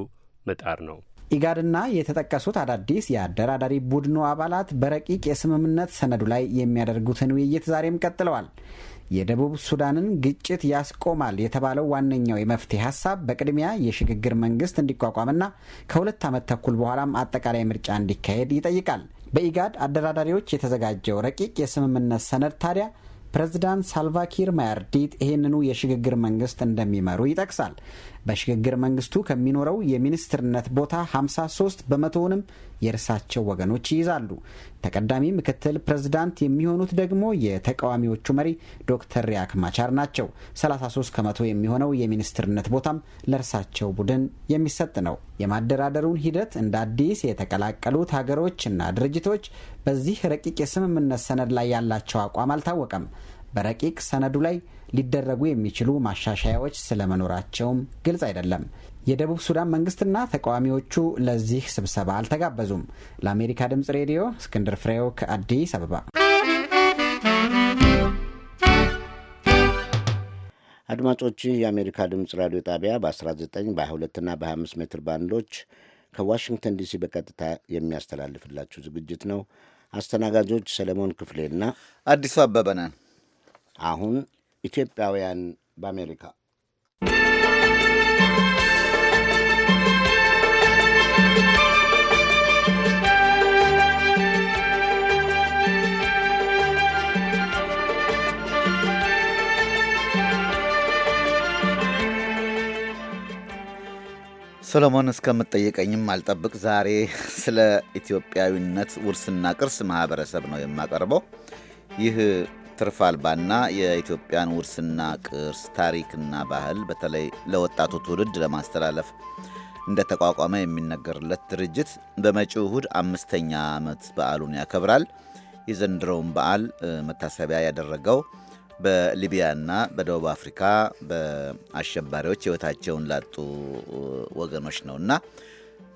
መጣር ነው። ኢጋድና የተጠቀሱት አዳዲስ የአደራዳሪ ቡድኑ አባላት በረቂቅ የስምምነት ሰነዱ ላይ የሚያደርጉትን ውይይት ዛሬም ቀጥለዋል። የደቡብ ሱዳንን ግጭት ያስቆማል የተባለው ዋነኛው የመፍትሄ ሀሳብ በቅድሚያ የሽግግር መንግስት እንዲቋቋምና ከሁለት ዓመት ተኩል በኋላም አጠቃላይ ምርጫ እንዲካሄድ ይጠይቃል። በኢጋድ አደራዳሪዎች የተዘጋጀው ረቂቅ የስምምነት ሰነድ ታዲያ ፕሬዝዳንት ሳልቫኪር ማያርዲት ይህንኑ የሽግግር መንግስት እንደሚመሩ ይጠቅሳል። በሽግግር መንግስቱ ከሚኖረው የሚኒስትርነት ቦታ 53 በመቶውንም የእርሳቸው ወገኖች ይይዛሉ። ተቀዳሚ ምክትል ፕሬዝዳንት የሚሆኑት ደግሞ የተቃዋሚዎቹ መሪ ዶክተር ሪያክ ማቻር ናቸው። 33 ከመቶ የሚሆነው የሚኒስትርነት ቦታም ለእርሳቸው ቡድን የሚሰጥ ነው። የማደራደሩን ሂደት እንደ አዲስ የተቀላቀሉት ሀገሮች እና ድርጅቶች በዚህ ረቂቅ የስምምነት ሰነድ ላይ ያላቸው አቋም አልታወቀም። በረቂቅ ሰነዱ ላይ ሊደረጉ የሚችሉ ማሻሻያዎች ስለመኖራቸውም ግልጽ አይደለም። የደቡብ ሱዳን መንግስትና ተቃዋሚዎቹ ለዚህ ስብሰባ አልተጋበዙም። ለአሜሪካ ድምጽ ሬዲዮ እስክንድር ፍሬው ከአዲስ አበባ። አድማጮች ይህ የአሜሪካ ድምፅ ራዲዮ ጣቢያ በ19 በ22ና በ25 ሜትር ባንዶች ከዋሽንግተን ዲሲ በቀጥታ የሚያስተላልፍላችሁ ዝግጅት ነው። አስተናጋጆች ሰለሞን ክፍሌና አዲሱ አበበ ነን። አሁን ኢትዮጵያውያን በአሜሪካ ሰሎሞን እስከምጠየቀኝም አልጠብቅ። ዛሬ ስለ ኢትዮጵያዊነት ውርስና ቅርስ ማህበረሰብ ነው የማቀርበው። ይህ ትርፍ አልባና የኢትዮጵያን ውርስና ቅርስ ታሪክና ባህል በተለይ ለወጣቱ ትውልድ ለማስተላለፍ እንደተቋቋመ የሚነገርለት ድርጅት በመጪው እሁድ አምስተኛ ዓመት በዓሉን ያከብራል። የዘንድሮውን በዓል መታሰቢያ ያደረገው በሊቢያና በደቡብ አፍሪካ በአሸባሪዎች ህይወታቸውን ላጡ ወገኖች ነው እና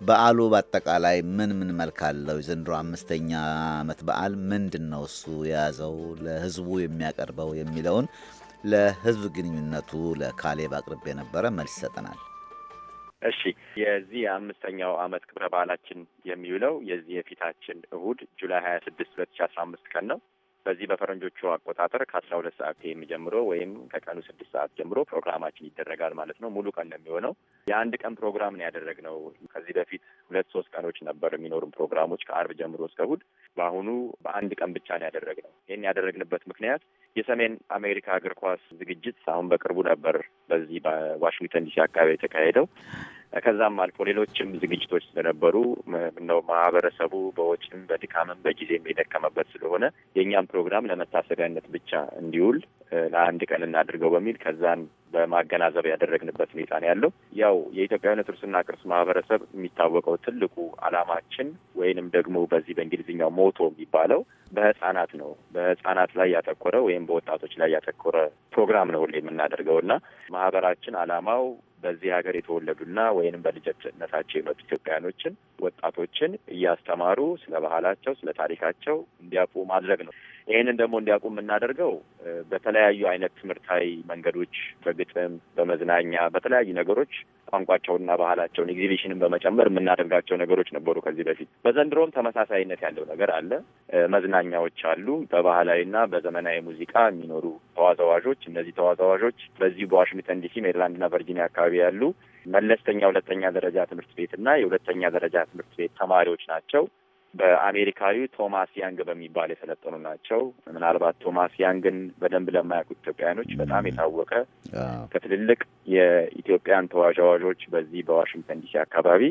በዓሉ በአጠቃላይ ምን ምን መልክ አለው? የዘንድሮ አምስተኛ ዓመት በዓል ምንድን ነው እሱ የያዘው ለህዝቡ የሚያቀርበው የሚለውን ለህዝብ ግንኙነቱ ለካሌብ አቅርቤ የነበረ መልስ ይሰጠናል። እሺ የዚህ የአምስተኛው ዓመት ክብረ በዓላችን የሚውለው የዚህ የፊታችን እሁድ ጁላይ ሀያ ስድስት ሁለት ሺ አስራ አምስት ቀን ነው። በዚህ በፈረንጆቹ አቆጣጠር ከአስራ ሁለት ሰዓት ፒኤም ጀምሮ ወይም ከቀኑ ስድስት ሰዓት ጀምሮ ፕሮግራማችን ይደረጋል ማለት ነው። ሙሉ ቀን ነው የሚሆነው። የአንድ ቀን ፕሮግራም ነው ያደረግነው። ከዚህ በፊት ሁለት ሶስት ቀኖች ነበር የሚኖሩን ፕሮግራሞች ከአርብ ጀምሮ እስከ እሑድ። በአሁኑ በአንድ ቀን ብቻ ነው ያደረግነው። ይህን ያደረግንበት ምክንያት የሰሜን አሜሪካ እግር ኳስ ዝግጅት አሁን በቅርቡ ነበር በዚህ በዋሽንግተን ዲሲ አካባቢ የተካሄደው። ከዛም አልፎ ሌሎችም ዝግጅቶች ስለነበሩ ነው ማህበረሰቡ በወጪም በድካምም በጊዜ የሚደከመበት ስለሆነ የእኛም ፕሮግራም ለመታሰቢያነት ብቻ እንዲውል ለአንድ ቀን እናድርገው በሚል ከዛን በማገናዘብ ያደረግንበት ሁኔታ ነው ያለው። ያው የኢትዮጵያዊነት ውርስና ቅርስ ማህበረሰብ የሚታወቀው ትልቁ አላማችን ወይንም ደግሞ በዚህ በእንግሊዝኛው ሞቶ የሚባለው በህጻናት ነው። በህጻናት ላይ ያተኮረ ወይም በወጣቶች ላይ ያተኮረ ፕሮግራም ነው ሁሌ የምናደርገው እና ማህበራችን አላማው በዚህ ሀገር የተወለዱና ወይንም በልጅነታቸው የመጡ ኢትዮጵያውያኖችን ወጣቶችን እያስተማሩ ስለ ባህላቸው፣ ስለ ታሪካቸው እንዲያውቁ ማድረግ ነው። ይህንን ደግሞ እንዲያውቁ የምናደርገው በተለያዩ አይነት ትምህርታዊ መንገዶች፣ በግጥም፣ በመዝናኛ፣ በተለያዩ ነገሮች ቋንቋቸውንና ባህላቸውን ኤግዚቢሽንን በመጨመር የምናደርጋቸው ነገሮች ነበሩ ከዚህ በፊት። በዘንድሮም ተመሳሳይነት ያለው ነገር አለ። መዝናኛዎች አሉ። በባህላዊና በዘመናዊ ሙዚቃ የሚኖሩ ተዋዛዋዦች። እነዚህ ተዋዛዋዦች በዚሁ በዋሽንግተን ዲሲ፣ ሜሪላንድና ቨርጂኒያ አካባቢ ያሉ መለስተኛ ሁለተኛ ደረጃ ትምህርት ቤትና የሁለተኛ ደረጃ ትምህርት ቤት ተማሪዎች ናቸው። በአሜሪካዊ ቶማስ ያንግ በሚባል የሰለጠኑ ናቸው። ምናልባት ቶማስ ያንግን በደንብ ለማያውቁት ኢትዮጵያውያኖች በጣም የታወቀ ከትልልቅ የኢትዮጵያን ተዋዣዋዦች በዚህ በዋሽንግተን ዲሲ አካባቢ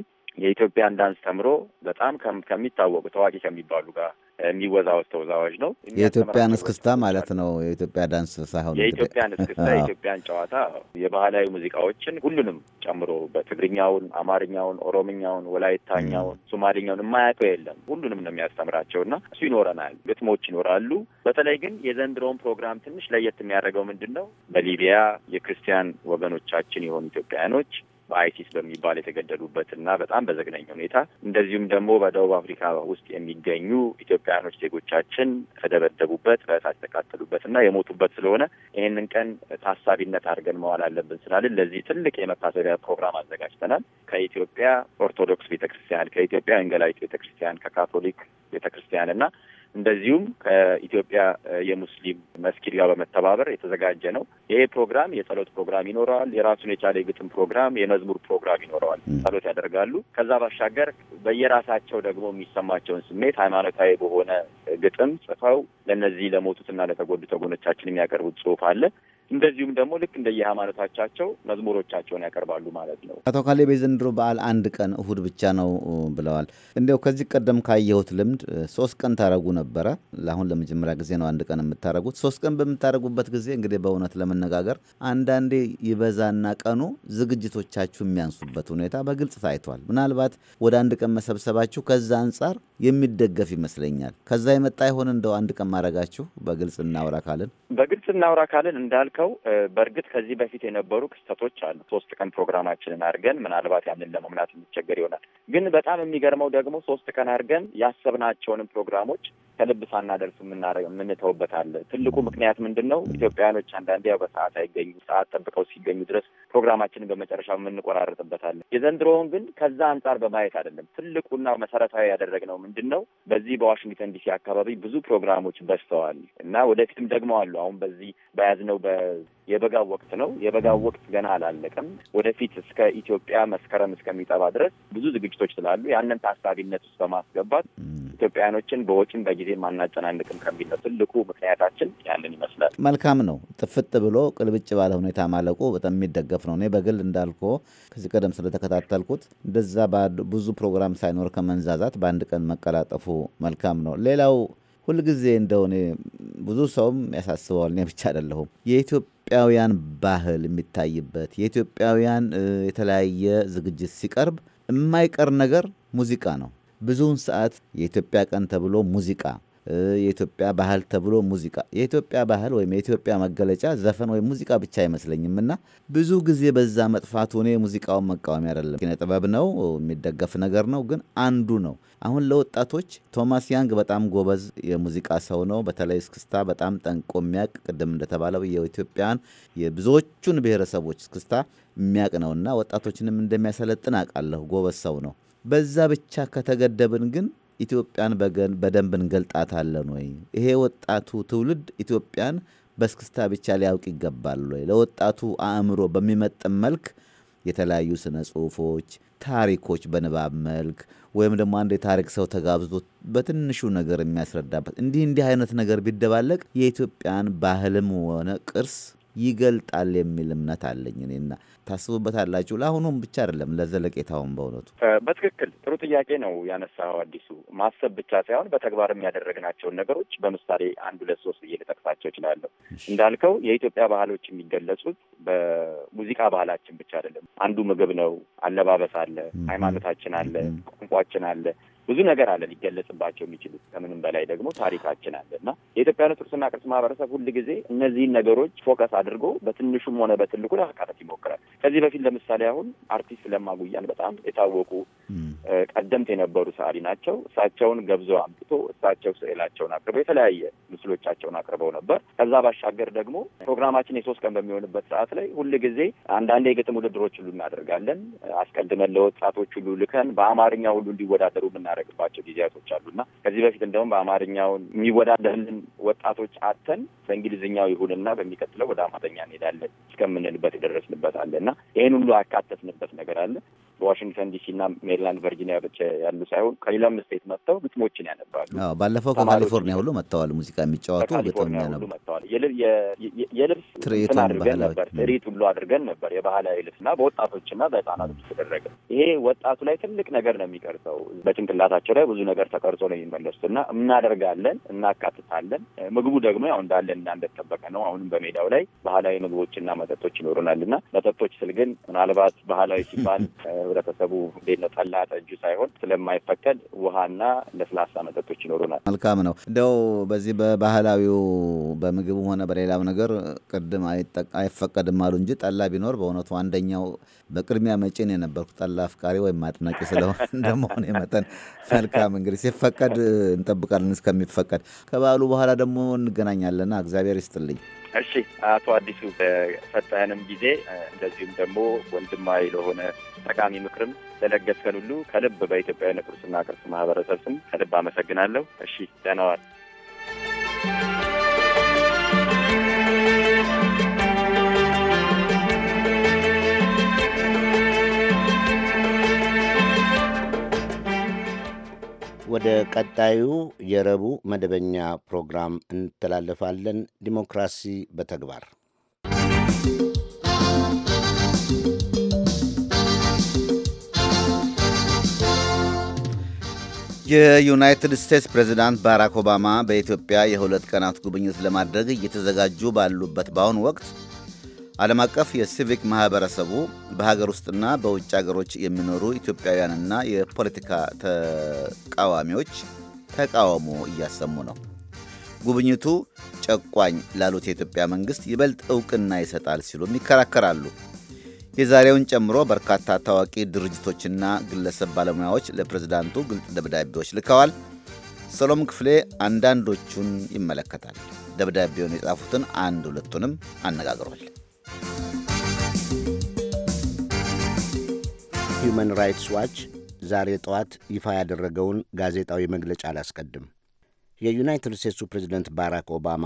የኢትዮጵያን ዳንስ ተምሮ በጣም ከሚታወቁ ታዋቂ ከሚባሉ ጋር የሚወዛወዝ ተወዛዋዥ ነው። የኢትዮጵያን እስክስታ ማለት ነው። የኢትዮጵያ ዳንስ ሳይሆን የኢትዮጵያን እስክስታ፣ የኢትዮጵያን ጨዋታ፣ የባህላዊ ሙዚቃዎችን ሁሉንም ጨምሮ በትግርኛውን፣ አማርኛውን፣ ኦሮምኛውን፣ ወላይታኛውን፣ ሶማሌኛውን የማያውቀው የለም። ሁሉንም ነው የሚያስተምራቸው እና እሱ ይኖረናል። ግጥሞች ይኖራሉ። በተለይ ግን የዘንድሮውን ፕሮግራም ትንሽ ለየት የሚያደርገው ምንድን ነው? በሊቢያ የክርስቲያን ወገኖቻችን የሆኑ ኢትዮጵያውያኖች በአይሲስ በሚባል የተገደሉበትና በጣም በዘግናኝ ሁኔታ እንደዚሁም ደግሞ በደቡብ አፍሪካ ውስጥ የሚገኙ ኢትዮጵያውያኖች ዜጎቻችን ተደበደቡበት፣ በእሳት የተቃጠሉበትና የሞቱበት ስለሆነ ይህንን ቀን ታሳቢነት አድርገን መዋል አለብን ስላልን ለዚህ ትልቅ የመታሰቢያ ፕሮግራም አዘጋጅተናል። ከኢትዮጵያ ኦርቶዶክስ ቤተክርስቲያን፣ ከኢትዮጵያ ወንጌላዊት ቤተክርስቲያን፣ ከካቶሊክ ቤተክርስቲያን እና እንደዚሁም ከኢትዮጵያ የሙስሊም መስኪድ ጋር በመተባበር የተዘጋጀ ነው። ይሄ ፕሮግራም የጸሎት ፕሮግራም ይኖረዋል። የራሱን የቻለ የግጥም ፕሮግራም፣ የመዝሙር ፕሮግራም ይኖረዋል። ጸሎት ያደርጋሉ። ከዛ ባሻገር በየራሳቸው ደግሞ የሚሰማቸውን ስሜት ሃይማኖታዊ በሆነ ግጥም ጽፈው ለእነዚህ ለሞቱትና ለተጎዱት ወገኖቻችን የሚያቀርቡት ጽሁፍ አለ። እንደዚሁም ደግሞ ልክ እንደየሃይማኖታቻቸው መዝሙሮቻቸውን ያቀርባሉ ማለት ነው። አቶ ካሌብ የዘንድሮ በዓል አንድ ቀን እሁድ ብቻ ነው ብለዋል። እንዲያው ከዚህ ቀደም ካየሁት ልምድ ሶስት ቀን ታረጉ ነበረ። ለአሁን ለመጀመሪያ ጊዜ ነው አንድ ቀን የምታረጉት። ሶስት ቀን በምታረጉበት ጊዜ እንግዲህ በእውነት ለመነጋገር አንዳንዴ ይበዛና ቀኑ ዝግጅቶቻችሁ የሚያንሱበት ሁኔታ በግልጽ ታይቷል። ምናልባት ወደ አንድ ቀን መሰብሰባችሁ ከዛ አንጻር የሚደገፍ ይመስለኛል። ከዛ የመጣ ይሆን እንደው አንድ ቀን ማድረጋችሁ በግልጽ እናውራ ካልን በግልጽ እናውራ ካልን እንዳል እንዳልከው በእርግጥ ከዚህ በፊት የነበሩ ክስተቶች አሉ። ሶስት ቀን ፕሮግራማችንን አድርገን ምናልባት ያንን ለመምናት የሚቸገር ይሆናል። ግን በጣም የሚገርመው ደግሞ ሶስት ቀን አድርገን ያሰብናቸውንም ፕሮግራሞች ከልብ ሳናደርስ የምንተውበታል። ትልቁ ምክንያት ምንድን ነው? ኢትዮጵያውያኖች አንዳንዴ ያው በሰዓት አይገኙ ሰዓት ጠብቀው ሲገኙ ድረስ ፕሮግራማችንን በመጨረሻ የምንቆራረጥበታለን። የዘንድሮውን ግን ከዛ አንጻር በማየት አይደለም። ትልቁና መሰረታዊ ያደረግነው ምንድን ነው? በዚህ በዋሽንግተን ዲሲ አካባቢ ብዙ ፕሮግራሞች በዝተዋል እና ወደፊትም ደግሞ አሉ። አሁን በዚህ በያዝነው የበጋው ወቅት ነው። የበጋው ወቅት ገና አላለቀም። ወደፊት እስከ ኢትዮጵያ መስከረም እስከሚጠባ ድረስ ብዙ ዝግጅቶች ስላሉ ያንን ታሳቢነት ውስጥ በማስገባት ኢትዮጵያውያኖችን በወጪም በጊዜ ማናጨናንቅም ከሚል ነው ትልቁ ምክንያታችን። ያንን ይመስላል። መልካም ነው። ጥፍጥ ብሎ ቅልብጭ ባለ ሁኔታ ማለቁ በጣም የሚደገፍ ነው። እኔ በግል እንዳልኮ ከዚህ ቀደም ስለተከታተልኩት እንደዛ ብዙ ፕሮግራም ሳይኖር ከመንዛዛት በአንድ ቀን መቀላጠፉ መልካም ነው። ሌላው ሁልጊዜ እንደሆነ ብዙ ሰውም ያሳስበዋል። እኔ ብቻ አይደለሁም። የኢትዮጵያውያን ባህል የሚታይበት የኢትዮጵያውያን የተለያየ ዝግጅት ሲቀርብ የማይቀር ነገር ሙዚቃ ነው። ብዙውን ሰዓት የኢትዮጵያ ቀን ተብሎ ሙዚቃ የኢትዮጵያ ባህል ተብሎ ሙዚቃ የኢትዮጵያ ባህል ወይም የኢትዮጵያ መገለጫ ዘፈን ወይም ሙዚቃ ብቻ አይመስለኝም እና ብዙ ጊዜ በዛ መጥፋቱ እኔ ሙዚቃውን መቃወም አይደለም። ኪነ ጥበብ ነው፣ የሚደገፍ ነገር ነው፣ ግን አንዱ ነው። አሁን ለወጣቶች ቶማስ ያንግ በጣም ጎበዝ የሙዚቃ ሰው ነው። በተለይ እስክስታ በጣም ጠንቆ የሚያቅ ቅድም እንደተባለው የኢትዮጵያን የብዙዎቹን ብሔረሰቦች እስክስታ የሚያቅ ነውና ወጣቶችንም እንደሚያሰለጥን አውቃለሁ። ጎበዝ ሰው ነው። በዛ ብቻ ከተገደብን ግን ኢትዮጵያን በገን በደንብ እንገልጣታለን ወይ? ይሄ ወጣቱ ትውልድ ኢትዮጵያን በስክስታ ብቻ ሊያውቅ ይገባል ወይ? ለወጣቱ አእምሮ በሚመጥን መልክ የተለያዩ ስነ ጽሁፎች፣ ታሪኮች በንባብ መልክ ወይም ደግሞ አንድ የታሪክ ሰው ተጋብዞ በትንሹ ነገር የሚያስረዳበት እንዲህ እንዲህ አይነት ነገር ቢደባለቅ የኢትዮጵያን ባህልም ሆነ ቅርስ ይገልጣል የሚል እምነት አለኝ እኔና ታስቡበታላችሁ? ለአሁኑም ብቻ አይደለም ለዘለቄታውም። በእውነቱ በትክክል ጥሩ ጥያቄ ነው ያነሳው አዲሱ። ማሰብ ብቻ ሳይሆን በተግባርም ያደረግናቸውን ነገሮች በምሳሌ አንድ ሁለት ሶስት ብዬ ልጠቅሳቸው እችላለሁ። እንዳልከው የኢትዮጵያ ባህሎች የሚገለጹት በሙዚቃ ባህላችን ብቻ አይደለም። አንዱ ምግብ ነው፣ አለባበስ አለ፣ ሃይማኖታችን አለ፣ ቋንቋችን አለ ብዙ ነገር አለ ሊገለጽባቸው የሚችሉት። ከምንም በላይ ደግሞ ታሪካችን አለ እና የኢትዮጵያ ቅርስና ቅርስ ማህበረሰብ ሁል ጊዜ እነዚህን ነገሮች ፎከስ አድርጎ በትንሹም ሆነ በትልቁ ለማካተት ይሞክራል። ከዚህ በፊት ለምሳሌ አሁን አርቲስት ለማጉያን በጣም የታወቁ ቀደምት የነበሩ ሰዓሊ ናቸው። እሳቸውን ገብዞ አምጥቶ እሳቸው ስዕላቸውን አቅርበው የተለያየ ምስሎቻቸውን አቅርበው ነበር። ከዛ ባሻገር ደግሞ ፕሮግራማችን የሶስት ቀን በሚሆንበት ሰዓት ላይ ሁል ጊዜ አንዳንዴ የግጥም ውድድሮች ሁሉ እናደርጋለን። አስቀድመን ለወጣቶች ሁሉ ልከን በአማርኛ ሁሉ እንዲወዳደሩ ምና የምናደርግባቸው ጊዜያቶች አሉና ከዚህ በፊት እንደውም በአማርኛው የሚወዳደርልን ወጣቶች አተን በእንግሊዝኛው ይሁንና በሚቀጥለው ወደ አማርኛ እንሄዳለን እስከምንልበት የደረስንበት አለና ይህን ሁሉ ያካተትንበት ነገር አለ። በዋሽንግተን ዲሲና ሜሪላንድ ቨርጂኒያ ብቻ ያሉ ሳይሆን ከሌላም ስቴት መጥተው ግጥሞችን ያነባሉ። ባለፈው ከካሊፎርኒያ ሁሉ መጥተዋል። ሙዚቃ የሚጫወቱ በጣም መጥተዋል። የልብስ ትርኢት አድርገን ነበር፣ ትርኢት ሁሉ አድርገን ነበር። የባህላዊ ልብስና በወጣቶችና በህጻናት ውስጥ ተደረገ። ይሄ ወጣቱ ላይ ትልቅ ነገር ነው የሚቀርጸው። በጭንቅላታቸው ላይ ብዙ ነገር ተቀርጾ ነው የሚመለሱት እና እናደርጋለን፣ እናካትታለን። ምግቡ ደግሞ ያው እንዳለን እና እንደተጠበቀ ነው። አሁንም በሜዳው ላይ ባህላዊ ምግቦችና መጠጦች ይኖሩናል እና መጠጦች ስል ግን ምናልባት ባህላዊ ሲባል ህብረተሰቡ እንዴት ነው ጠላ ጠጁ ሳይሆን ስለማይፈቀድ ውሃና ለስላሳ መጠጦች ይኖሩናል። መልካም ነው። እንደው በዚህ በባህላዊው በምግቡ ሆነ በሌላው ነገር ቅድም አይፈቀድም አሉ እንጂ ጠላ ቢኖር በእውነቱ አንደኛው በቅድሚያ መጪን የነበርኩ ጠላ አፍቃሪ ወይም አጥናቂ ስለሆነ እንደመሆነ መጠን መልካም እንግዲህ ሲፈቀድ እንጠብቃለን። እስከሚፈቀድ ከበዓሉ በኋላ ደግሞ እንገናኛለንና እግዚአብሔር ይስጥልኝ። እሺ አቶ አዲሱ ሰጠህንም ጊዜ እንደዚሁም ደግሞ ወንድማዊ ለሆነ ጠቃሚ ምክርም ለለገስከን ሁሉ ከልብ በኢትዮጵያ ቅርስና ቅርስ ማህበረሰብ ስም ከልብ አመሰግናለሁ። እሺ ደህና ዋል። ወደ ቀጣዩ የረቡ መደበኛ ፕሮግራም እንተላለፋለን። ዲሞክራሲ በተግባር የዩናይትድ ስቴትስ ፕሬዚዳንት ባራክ ኦባማ በኢትዮጵያ የሁለት ቀናት ጉብኝት ለማድረግ እየተዘጋጁ ባሉበት በአሁኑ ወቅት ዓለም አቀፍ የሲቪክ ማህበረሰቡ በሀገር ውስጥና በውጭ አገሮች የሚኖሩ ኢትዮጵያውያንና የፖለቲካ ተቃዋሚዎች ተቃውሞ እያሰሙ ነው። ጉብኝቱ ጨቋኝ ላሉት የኢትዮጵያ መንግሥት ይበልጥ ዕውቅና ይሰጣል ሲሉም ይከራከራሉ። የዛሬውን ጨምሮ በርካታ ታዋቂ ድርጅቶችና ግለሰብ ባለሙያዎች ለፕሬዝዳንቱ ግልጽ ደብዳቤዎች ልከዋል። ሰሎም ክፍሌ አንዳንዶቹን ይመለከታል። ደብዳቤውን የጻፉትን አንድ ሁለቱንም አነጋግሯል። ሁማን ራይትስ ዋች ዛሬ ጠዋት ይፋ ያደረገውን ጋዜጣዊ መግለጫ አላስቀድም። የዩናይትድ ስቴትሱ ፕሬዝደንት ባራክ ኦባማ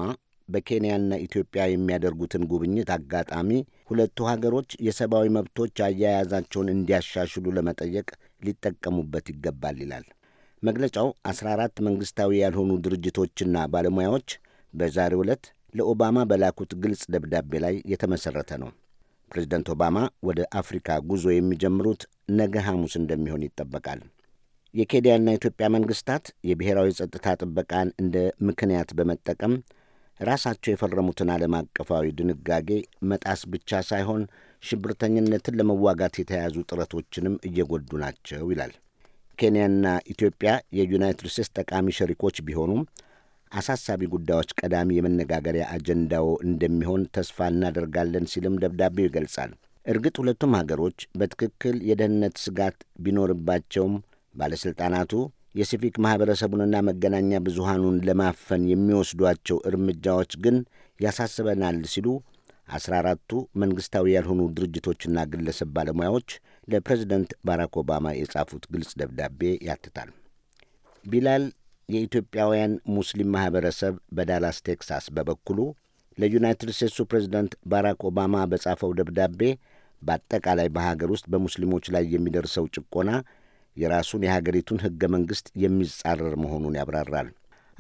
በኬንያና ኢትዮጵያ የሚያደርጉትን ጉብኝት አጋጣሚ ሁለቱ ሀገሮች የሰብአዊ መብቶች አያያዛቸውን እንዲያሻሽሉ ለመጠየቅ ሊጠቀሙበት ይገባል ይላል መግለጫው። 14 መንግሥታዊ ያልሆኑ ድርጅቶችና ባለሙያዎች በዛሬው ዕለት ለኦባማ በላኩት ግልጽ ደብዳቤ ላይ የተመሠረተ ነው። ፕሬዚደንት ኦባማ ወደ አፍሪካ ጉዞ የሚጀምሩት ነገ ሐሙስ እንደሚሆን ይጠበቃል። የኬንያና የኢትዮጵያ መንግስታት የብሔራዊ ጸጥታ ጥበቃን እንደ ምክንያት በመጠቀም ራሳቸው የፈረሙትን ዓለም አቀፋዊ ድንጋጌ መጣስ ብቻ ሳይሆን ሽብርተኝነትን ለመዋጋት የተያዙ ጥረቶችንም እየጎዱ ናቸው ይላል። ኬንያና ኢትዮጵያ የዩናይትድ ስቴትስ ጠቃሚ ሸሪኮች ቢሆኑም አሳሳቢ ጉዳዮች ቀዳሚ የመነጋገሪያ አጀንዳው እንደሚሆን ተስፋ እናደርጋለን ሲልም ደብዳቤው ይገልጻል። እርግጥ ሁለቱም ሀገሮች በትክክል የደህንነት ስጋት ቢኖርባቸውም ባለሥልጣናቱ የሲቪክ ማኅበረሰቡንና መገናኛ ብዙሃኑን ለማፈን የሚወስዷቸው እርምጃዎች ግን ያሳስበናል ሲሉ አስራ አራቱ መንግሥታዊ ያልሆኑ ድርጅቶችና ግለሰብ ባለሙያዎች ለፕሬዝደንት ባራክ ኦባማ የጻፉት ግልጽ ደብዳቤ ያትታል። ቢላል የኢትዮጵያውያን ሙስሊም ማኅበረሰብ በዳላስ ቴክሳስ በበኩሉ ለዩናይትድ ስቴትሱ ፕሬዚደንት ባራክ ኦባማ በጻፈው ደብዳቤ በአጠቃላይ በሀገር ውስጥ በሙስሊሞች ላይ የሚደርሰው ጭቆና የራሱን የሀገሪቱን ሕገ መንግሥት የሚጻረር መሆኑን ያብራራል።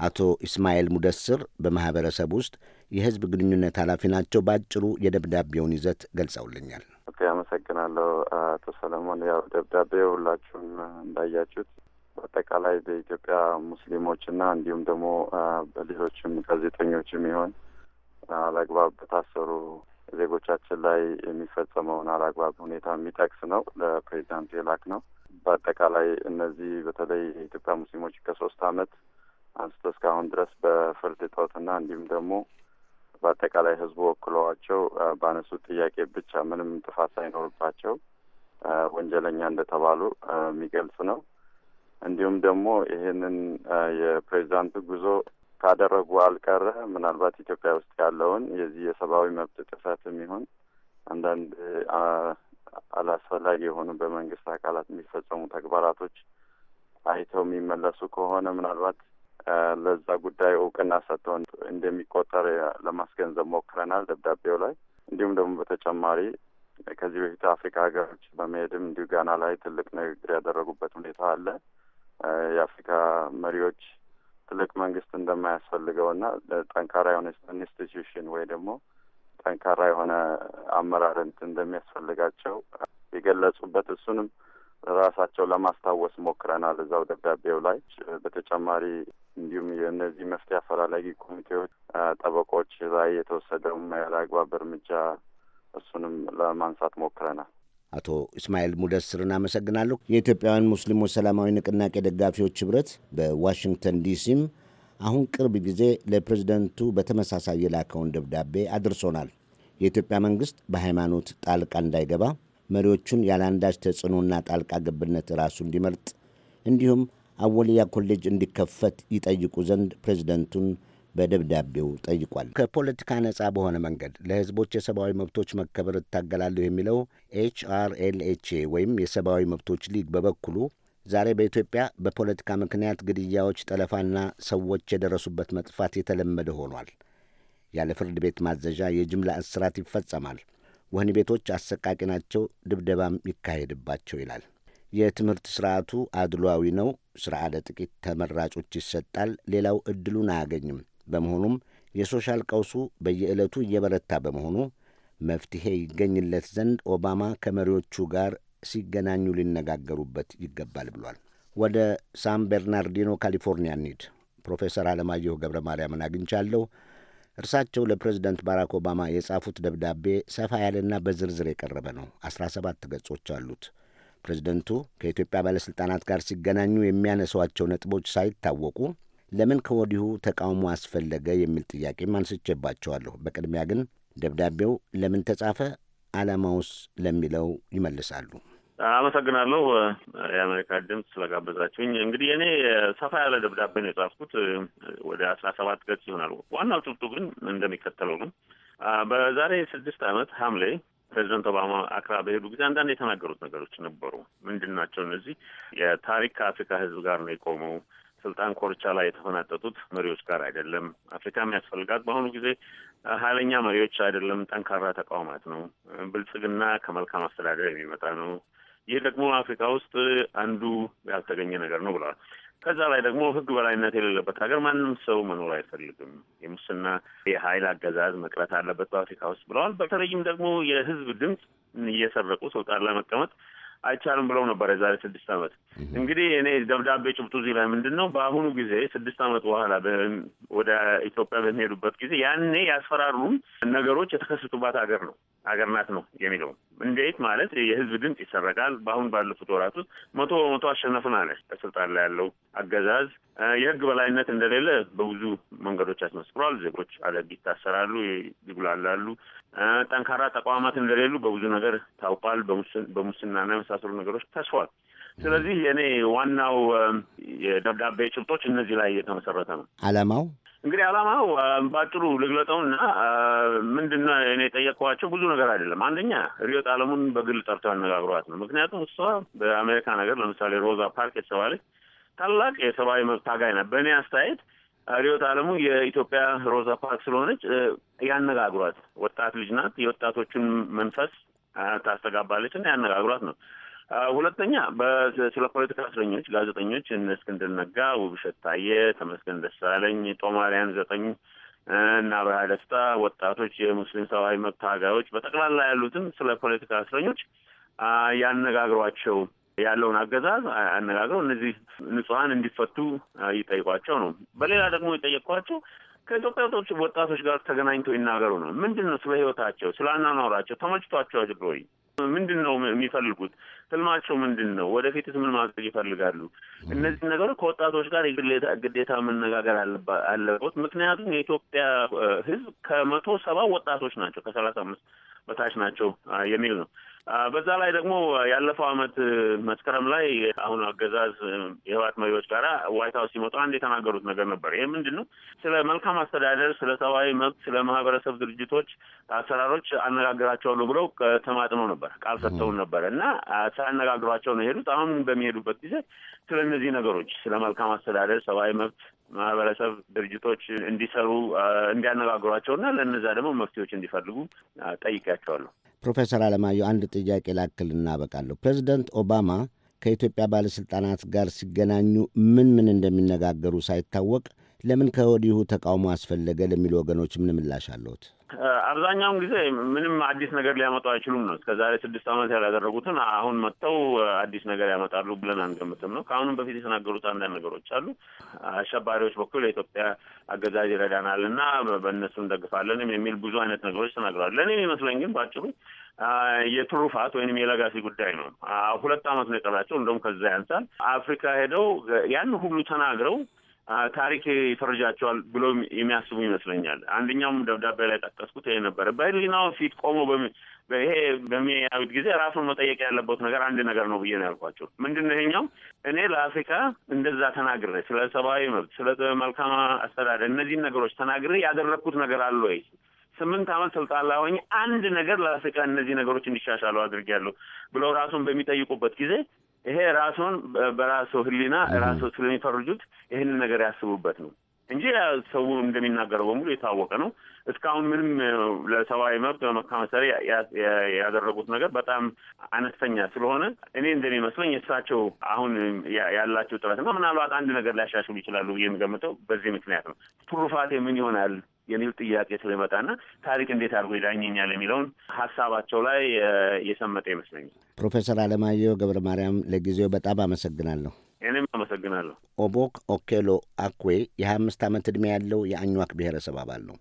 አቶ ኢስማኤል ሙደስር በማኅበረሰብ ውስጥ የሕዝብ ግንኙነት ኃላፊ ናቸው። በአጭሩ የደብዳቤውን ይዘት ገልጸውልኛል። አመሰግናለሁ አቶ ሰለሞን። ያው ደብዳቤ ሁላችሁም እንዳያችሁት በአጠቃላይ በኢትዮጵያ ሙስሊሞችና እንዲሁም ደግሞ በሌሎችም ጋዜጠኞችም ይሆን አላግባብ በታሰሩ ዜጎቻችን ላይ የሚፈጸመውን አላግባብ ሁኔታ የሚጠቅስ ነው። ለፕሬዚዳንቱ የላክ ነው። በአጠቃላይ እነዚህ በተለይ የኢትዮጵያ ሙስሊሞች ከሶስት አመት አንስቶ እስካሁን ድረስ በፍርድ እጦትና እንዲሁም ደግሞ በአጠቃላይ ህዝቡ ወክለዋቸው ባነሱት ጥያቄ ብቻ ምንም ጥፋት ሳይኖርባቸው ወንጀለኛ እንደተባሉ የሚገልጽ ነው። እንዲሁም ደግሞ ይህንን የፕሬዚዳንቱ ጉዞ ካደረጉ አልቀረ ምናልባት ኢትዮጵያ ውስጥ ያለውን የዚህ የሰብአዊ መብት ጥሰትም ይሁን አንዳንድ አላስፈላጊ የሆኑ በመንግስት አካላት የሚፈጸሙ ተግባራቶች አይተው የሚመለሱ ከሆነ ምናልባት ለዛ ጉዳይ እውቅና ሰጥተው እንደሚቆጠር ለማስገንዘብ ሞክረናል ደብዳቤው ላይ። እንዲሁም ደግሞ በተጨማሪ ከዚህ በፊት አፍሪካ ሀገሮች በመሄድም እንዲሁ ጋና ላይ ትልቅ ንግግር ያደረጉበት ሁኔታ አለ። የአፍሪካ መሪዎች ትልቅ መንግስት እንደማያስፈልገውና ጠንካራ የሆነ ኢንስቲትዩሽን ወይ ደግሞ ጠንካራ የሆነ አመራርንት እንደሚያስፈልጋቸው የገለጹበት እሱንም ራሳቸው ለማስታወስ ሞክረናል እዛው ደብዳቤው ላይ። በተጨማሪ እንዲሁም የእነዚህ መፍትሄ አፈላላጊ ኮሚቴዎች ጠበቆች ላይ የተወሰደው ያለ አግባብ እርምጃ እሱንም ለማንሳት ሞክረናል። አቶ እስማኤል ሙደስርን አመሰግናለሁ። የኢትዮጵያውያን ሙስሊሞች ሰላማዊ ንቅናቄ ደጋፊዎች ኅብረት በዋሽንግተን ዲሲም አሁን ቅርብ ጊዜ ለፕሬዝደንቱ በተመሳሳይ የላከውን ደብዳቤ አድርሶናል። የኢትዮጵያ መንግሥት በሃይማኖት ጣልቃ እንዳይገባ፣ መሪዎቹን ያለአንዳች ተጽዕኖና ጣልቃ ገብነት ራሱ እንዲመርጥ እንዲሁም አወልያ ኮሌጅ እንዲከፈት ይጠይቁ ዘንድ ፕሬዝደንቱን በደብዳቤው ጠይቋል። ከፖለቲካ ነጻ በሆነ መንገድ ለሕዝቦች የሰብአዊ መብቶች መከበር እታገላለሁ የሚለው ኤችአርኤልኤችኤ ወይም የሰብአዊ መብቶች ሊግ በበኩሉ ዛሬ በኢትዮጵያ በፖለቲካ ምክንያት ግድያዎች፣ ጠለፋና ሰዎች የደረሱበት መጥፋት የተለመደ ሆኗል። ያለ ፍርድ ቤት ማዘዣ የጅምላ እስራት ይፈጸማል። ወህኒ ቤቶች አሰቃቂ ናቸው፣ ድብደባም ይካሄድባቸው ይላል። የትምህርት ስርዓቱ አድሏዊ ነው። ስራ ለጥቂት ተመራጮች ይሰጣል፣ ሌላው እድሉን አያገኝም። በመሆኑም የሶሻል ቀውሱ በየዕለቱ እየበረታ በመሆኑ መፍትሄ ይገኝለት ዘንድ ኦባማ ከመሪዎቹ ጋር ሲገናኙ ሊነጋገሩበት ይገባል ብሏል። ወደ ሳን ቤርናርዲኖ ካሊፎርኒያ እንሂድ። ፕሮፌሰር አለማየሁ ገብረ ማርያምን አግኝቻለሁ። እርሳቸው ለፕሬዚደንት ባራክ ኦባማ የጻፉት ደብዳቤ ሰፋ ያለና በዝርዝር የቀረበ ነው። 17 ገጾች አሉት። ፕሬዚደንቱ ከኢትዮጵያ ባለሥልጣናት ጋር ሲገናኙ የሚያነሷቸው ነጥቦች ሳይታወቁ ለምን ከወዲሁ ተቃውሞ አስፈለገ የሚል ጥያቄም አንስቼባቸዋለሁ። በቅድሚያ ግን ደብዳቤው ለምን ተጻፈ፣ ዓላማውስ ለሚለው ይመልሳሉ። አመሰግናለሁ የአሜሪካ ድምፅ ስለጋበዛችሁኝ። እንግዲህ እኔ ሰፋ ያለ ደብዳቤ ነው የጻፍኩት ወደ አስራ ሰባት ገጽ ይሆናል። ዋናው ጭብጡ ግን እንደሚከተለው ነው። በዛሬ ስድስት ዓመት ሐምሌ ፕሬዚደንት ኦባማ አክራ በሄዱ ጊዜ አንዳንድ የተናገሩት ነገሮች ነበሩ። ምንድን ናቸው እነዚህ? የታሪክ ከአፍሪካ ህዝብ ጋር ነው የቆመው ስልጣን ኮርቻ ላይ የተፈናጠጡት መሪዎች ጋር አይደለም። አፍሪካ የሚያስፈልጋት በአሁኑ ጊዜ ኃይለኛ መሪዎች አይደለም፣ ጠንካራ ተቋማት ነው። ብልጽግና ከመልካም አስተዳደር የሚመጣ ነው። ይህ ደግሞ አፍሪካ ውስጥ አንዱ ያልተገኘ ነገር ነው ብለዋል። ከዛ ላይ ደግሞ ሕግ በላይነት የሌለበት ሀገር ማንም ሰው መኖር አይፈልግም። የሙስና የኃይል አገዛዝ መቅረት አለበት በአፍሪካ ውስጥ ብለዋል። በተለይም ደግሞ የሕዝብ ድምፅ እየሰረቁ ስልጣን ለመቀመጥ አይቻልም ብለው ነበር የዛሬ ስድስት ዓመት። እንግዲህ እኔ ደብዳቤ ጭብጡ እዚህ ላይ ምንድን ነው፣ በአሁኑ ጊዜ ስድስት ዓመት በኋላ ወደ ኢትዮጵያ በሚሄዱበት ጊዜ ያኔ ያስፈራሩን ነገሮች የተከሰቱባት ሀገር ነው ሀገር ናት ነው የሚለው። እንዴት ማለት የህዝብ ድምፅ ይሰረቃል። በአሁን ባለፉት ወራት ውስጥ መቶ በመቶ አሸነፍን አለ በስልጣን ላይ ያለው አገዛዝ። የህግ በላይነት እንደሌለ በብዙ መንገዶች አስመስክሯል። ዜጎች አለግ ይታሰራሉ፣ ይጉላላሉ። ጠንካራ ተቋማት እንደሌሉ በብዙ ነገር ታውቋል። በሙስናና የመሳሰሉ ነገሮች ተስፏል። ስለዚህ የእኔ ዋናው የደብዳቤ ጭብጦች እነዚህ ላይ የተመሰረተ ነው። አላማው እንግዲህ አላማው በአጭሩ ልግለጠውና ምንድን ነው እኔ የጠየቅኳቸው ብዙ ነገር አይደለም። አንደኛ ሪዮት አለሙን በግል ጠርቶ ያነጋግሯት ነው። ምክንያቱም እሷ በአሜሪካ ነገር ለምሳሌ ሮዛ ፓርክ የተባለች ታላቅ የሰብአዊ መብት ታጋይ ናት። በእኔ አስተያየት ሪዮት አለሙ የኢትዮጵያ ሮዛ ፓርክ ስለሆነች ያነጋግሯት። ወጣት ልጅ ናት። የወጣቶችን መንፈስ ታስተጋባለች እና ያነጋግሯት ነው። ሁለተኛ ስለ ፖለቲካ እስረኞች ጋዜጠኞች እነ እስክንድር ነጋ፣ ውብሸት ታየ፣ ተመስገን ደሳለኝ፣ ጦማርያን ዘጠኝ እና ብርሃ ደስታ፣ ወጣቶች፣ የሙስሊም ሰብአዊ መብት ታጋዮች፣ በጠቅላላ ያሉትን ስለ ፖለቲካ እስረኞች ያነጋግሯቸው ያለውን አገዛዝ አነጋግረው እነዚህ ንጹሀን እንዲፈቱ ይጠይቋቸው ነው። በሌላ ደግሞ የጠየቅኳቸው ከኢትዮጵያ ወጣቶች ጋር ተገናኝተው ይናገሩ ነው። ምንድን ነው ስለ ህይወታቸው፣ ስለ አኗኗራቸው ተመችቷቸዋል ምንድን ነው የሚፈልጉት? ህልማቸው ምንድን ነው? ወደፊትስ ምን ማድረግ ይፈልጋሉ? እነዚህ ነገሮች ከወጣቶች ጋር ግዴታ መነጋገር አለበት። ምክንያቱም የኢትዮጵያ ህዝብ ከመቶ ሰባ ወጣቶች ናቸው ከሰላሳ አምስት በታች ናቸው የሚል ነው። በዛ ላይ ደግሞ ያለፈው አመት መስከረም ላይ አሁን አገዛዝ የህወሓት መሪዎች ጋራ ዋይት ሀውስ ሲመጡ አንድ የተናገሩት ነገር ነበር። ይህ ምንድን ነው? ስለ መልካም አስተዳደር፣ ስለ ሰብአዊ መብት፣ ስለ ማህበረሰብ ድርጅቶች አሰራሮች አነጋግራቸዋሉ ብለው ተማጥነው ነበር፣ ቃል ሰጥተውን ነበር እና ሳያነጋግሯቸው ነው የሄዱት። አሁን በሚሄዱበት ጊዜ ስለ እነዚህ ነገሮች ስለ መልካም አስተዳደር፣ ሰብአዊ መብት ማህበረሰብ ድርጅቶች እንዲሰሩ እንዲያነጋግሯቸውና ለእነዛ ደግሞ መፍትሄዎች እንዲፈልጉ ጠይቄያቸዋለሁ። ፕሮፌሰር አለማየሁ አንድ ጥያቄ ላክል እናበቃለሁ። ፕሬዚደንት ኦባማ ከኢትዮጵያ ባለሥልጣናት ጋር ሲገናኙ ምን ምን እንደሚነጋገሩ ሳይታወቅ ለምን ከወዲሁ ተቃውሞ አስፈለገ ለሚሉ ወገኖች ምን ምላሽ አለዎት? አብዛኛውን ጊዜ ምንም አዲስ ነገር ሊያመጡ አይችሉም ነው። እስከ ዛሬ ስድስት ዓመት ያላደረጉትን አሁን መጥተው አዲስ ነገር ያመጣሉ ብለን አንገምትም ነው። ከአሁኑም በፊት የተናገሩት አንዳንድ ነገሮች አሉ። አሸባሪዎች በኩል የኢትዮጵያ አገዛዝ ይረዳናል እና በእነሱ እንደግፋለንም የሚል ብዙ አይነት ነገሮች ተናግረዋል። ለእኔ የሚመስለኝ ግን በአጭሩ የትሩፋት ወይም የለጋሲ ጉዳይ ነው። ሁለት ዓመት ነው የቀራቸው፣ እንደውም ከዛ ያንሳል። አፍሪካ ሄደው ያን ሁሉ ተናግረው ታሪክ ይፈርጃቸዋል ብሎ የሚያስቡ ይመስለኛል። አንደኛውም ደብዳቤ ላይ ጠቀስኩት ይሄ ነበረ። በህሊናው ፊት ቆሞ ይሄ በሚያዩት ጊዜ ራሱን መጠየቅ ያለበት ነገር አንድ ነገር ነው ብዬ ነው ያልኳቸው። ምንድን ነው ይሄኛው? እኔ ለአፍሪካ እንደዛ ተናግሬ ስለ ሰብአዊ መብት፣ ስለ መልካም አስተዳደር እነዚህን ነገሮች ተናግሬ ያደረግኩት ነገር አለ ወይ? ስምንት ዓመት ስልጣን ላይ ሆኜ አንድ ነገር ለአፍሪካ እነዚህ ነገሮች እንዲሻሻሉ አድርጌያለሁ ብለው ራሱን በሚጠይቁበት ጊዜ ይሄ ራሱን በራሱ ህሊና ራሱ ስለሚፈርጁት ይህንን ነገር ያስቡበት ነው እንጂ ሰው እንደሚናገረው በሙሉ የታወቀ ነው። እስካሁን ምንም ለሰብአዊ መብት በመካመሰሪ ያደረጉት ነገር በጣም አነስተኛ ስለሆነ እኔ እንደሚመስለኝ እሳቸው አሁን ያላቸው ጥረት ነው። ምናልባት አንድ ነገር ሊያሻሽሉ ይችላሉ የሚገምተው በዚህ ምክንያት ነው። ትሩፋቴ ምን ይሆናል የሚል ጥያቄ ስለመጣና ታሪክ እንዴት አድርጎ ይዳኘኛል የሚለውን ሀሳባቸው ላይ የሰመጠ ይመስለኛል። ፕሮፌሰር አለማየሁ ገብረ ማርያም ለጊዜው በጣም አመሰግናለሁ። እኔም አመሰግናለሁ። ኦቦክ ኦኬሎ አኩዌ የሀያ አምስት ዓመት ዕድሜ ያለው የአኟክ ብሔረሰብ አባል ነው።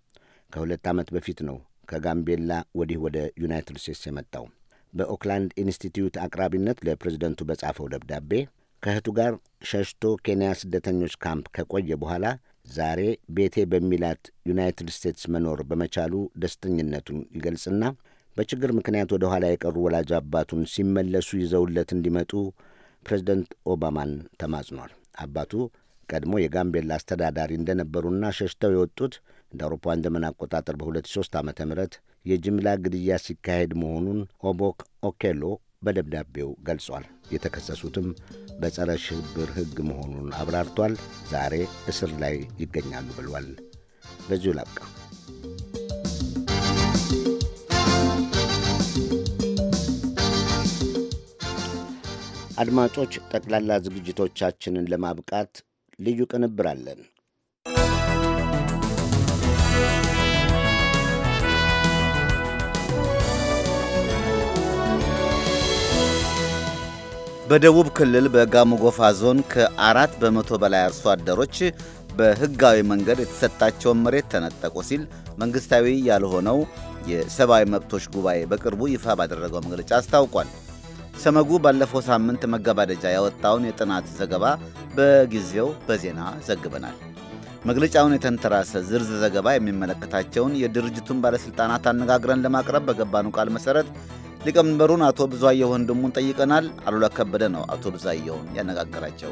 ከሁለት ዓመት በፊት ነው ከጋምቤላ ወዲህ ወደ ዩናይትድ ስቴትስ የመጣው። በኦክላንድ ኢንስቲትዩት አቅራቢነት ለፕሬዝደንቱ በጻፈው ደብዳቤ ከእህቱ ጋር ሸሽቶ ኬንያ ስደተኞች ካምፕ ከቆየ በኋላ ዛሬ ቤቴ በሚላት ዩናይትድ ስቴትስ መኖር በመቻሉ ደስተኝነቱን ይገልጽና በችግር ምክንያት ወደ ኋላ የቀሩ ወላጅ አባቱን ሲመለሱ ይዘውለት እንዲመጡ ፕሬዝደንት ኦባማን ተማጽኗል። አባቱ ቀድሞ የጋምቤላ አስተዳዳሪ እንደነበሩና ሸሽተው የወጡት እንደ አውሮፓውያን ዘመን አቆጣጠር በ2003 ዓ ም የጅምላ ግድያ ሲካሄድ መሆኑን ኦቦክ ኦኬሎ በደብዳቤው ገልጿል። የተከሰሱትም በጸረ ሽብር ሕግ መሆኑን አብራርቷል። ዛሬ እስር ላይ ይገኛሉ ብሏል። በዚሁ ላብቃ። አድማጮች፣ ጠቅላላ ዝግጅቶቻችንን ለማብቃት ልዩ ቅንብር አለን። በደቡብ ክልል በጋሞጎፋ ጎፋ ዞን ከአራት በመቶ በላይ አርሶ አደሮች በህጋዊ መንገድ የተሰጣቸውን መሬት ተነጠቁ ሲል መንግስታዊ ያልሆነው የሰብአዊ መብቶች ጉባኤ በቅርቡ ይፋ ባደረገው መግለጫ አስታውቋል። ሰመጉ ባለፈው ሳምንት መገባደጃ ያወጣውን የጥናት ዘገባ በጊዜው በዜና ዘግበናል። መግለጫውን የተንተራሰ ዝርዝር ዘገባ የሚመለከታቸውን የድርጅቱን ባለሥልጣናት አነጋግረን ለማቅረብ በገባኑ ቃል መሠረት ሊቀመንበሩን አቶ ብዙአየሁ ወንድሙን ጠይቀናል። አሉላ ከበደ ነው አቶ ብዙአየሁን ያነጋገራቸው።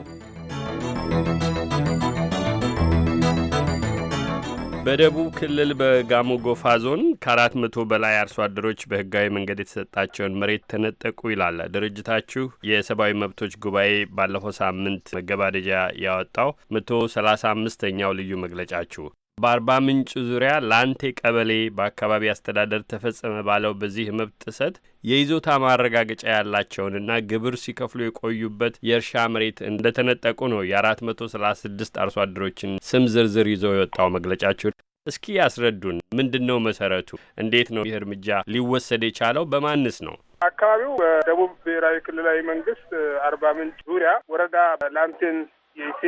በደቡብ ክልል በጋሞ ጎፋ ዞን ከአራት መቶ በላይ አርሶ አደሮች በህጋዊ መንገድ የተሰጣቸውን መሬት ተነጠቁ ይላል ድርጅታችሁ። የሰብአዊ መብቶች ጉባኤ ባለፈው ሳምንት መገባደጃ ያወጣው መቶ ሰላሳ አምስተኛው ልዩ መግለጫችሁ በአርባ ምንጭ ዙሪያ ላንቴ ቀበሌ በአካባቢ አስተዳደር ተፈጸመ ባለው በዚህ መብት ጥሰት የይዞታ ማረጋገጫ ያላቸውንና ግብር ሲከፍሉ የቆዩበት የእርሻ መሬት እንደተነጠቁ ነው የ436 አርሶ አደሮችን ስም ዝርዝር ይዘው የወጣው መግለጫቸው። እስኪ ያስረዱን፣ ምንድን ነው መሰረቱ? እንዴት ነው ይህ እርምጃ ሊወሰድ የቻለው? በማንስ ነው? አካባቢው በደቡብ ብሔራዊ ክልላዊ መንግስት አርባ ምንጭ ዙሪያ ወረዳ ላንቴን የኢሴ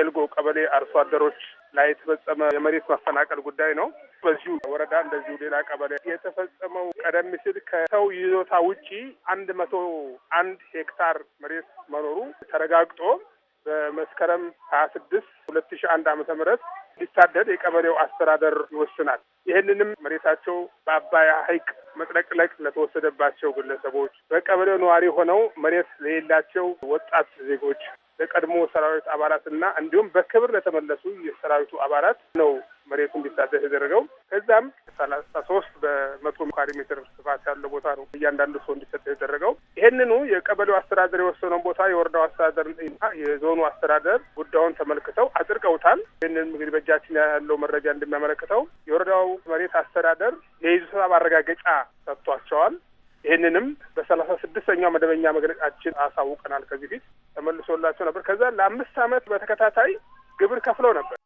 ኤልጎ ቀበሌ አርሶ አደሮች ላይ የተፈጸመ የመሬት ማፈናቀል ጉዳይ ነው። በዚሁ ወረዳ እንደዚሁ ሌላ ቀበሌ የተፈጸመው ቀደም ሲል ከሰው ይዞታ ውጪ አንድ መቶ አንድ ሄክታር መሬት መኖሩ ተረጋግጦ በመስከረም ሀያ ስድስት ሁለት ሺ አንድ አመተ ምህረት ሊታደድ የቀበሌው አስተዳደር ይወስናል። ይህንንም መሬታቸው በአባያ ሐይቅ መጥለቅለቅ ለተወሰደባቸው ግለሰቦች፣ በቀበሌው ነዋሪ ሆነው መሬት ለሌላቸው ወጣት ዜጎች ለቀድሞ ሰራዊት አባላት እና እንዲሁም በክብር ለተመለሱ የሰራዊቱ አባላት ነው መሬቱ እንዲታደስ የተደረገው። ከዛም ሰላሳ ሶስት በመቶ ካሪ ሜትር ስፋት ያለው ቦታ ነው እያንዳንዱ ሰው እንዲሰጥ የተደረገው። ይህንኑ የቀበሌው አስተዳደር የወሰነውን ቦታ የወረዳው አስተዳደር እና የዞኑ አስተዳደር ጉዳዩን ተመልክተው አጽድቀውታል። ይህንን እንግዲህ በእጃችን ያለው መረጃ እንደሚያመለክተው የወረዳው መሬት አስተዳደር የይዞታ ማረጋገጫ ሰጥቷቸዋል። ይህንንም በሰላሳ ስድስተኛው መደበኛ መግለጫችን አሳውቀናል። ከዚህ ፊት ተመልሶላቸው ነበር። ከዛ ለአምስት ዓመት በተከታታይ ግብር ከፍለው ነበር።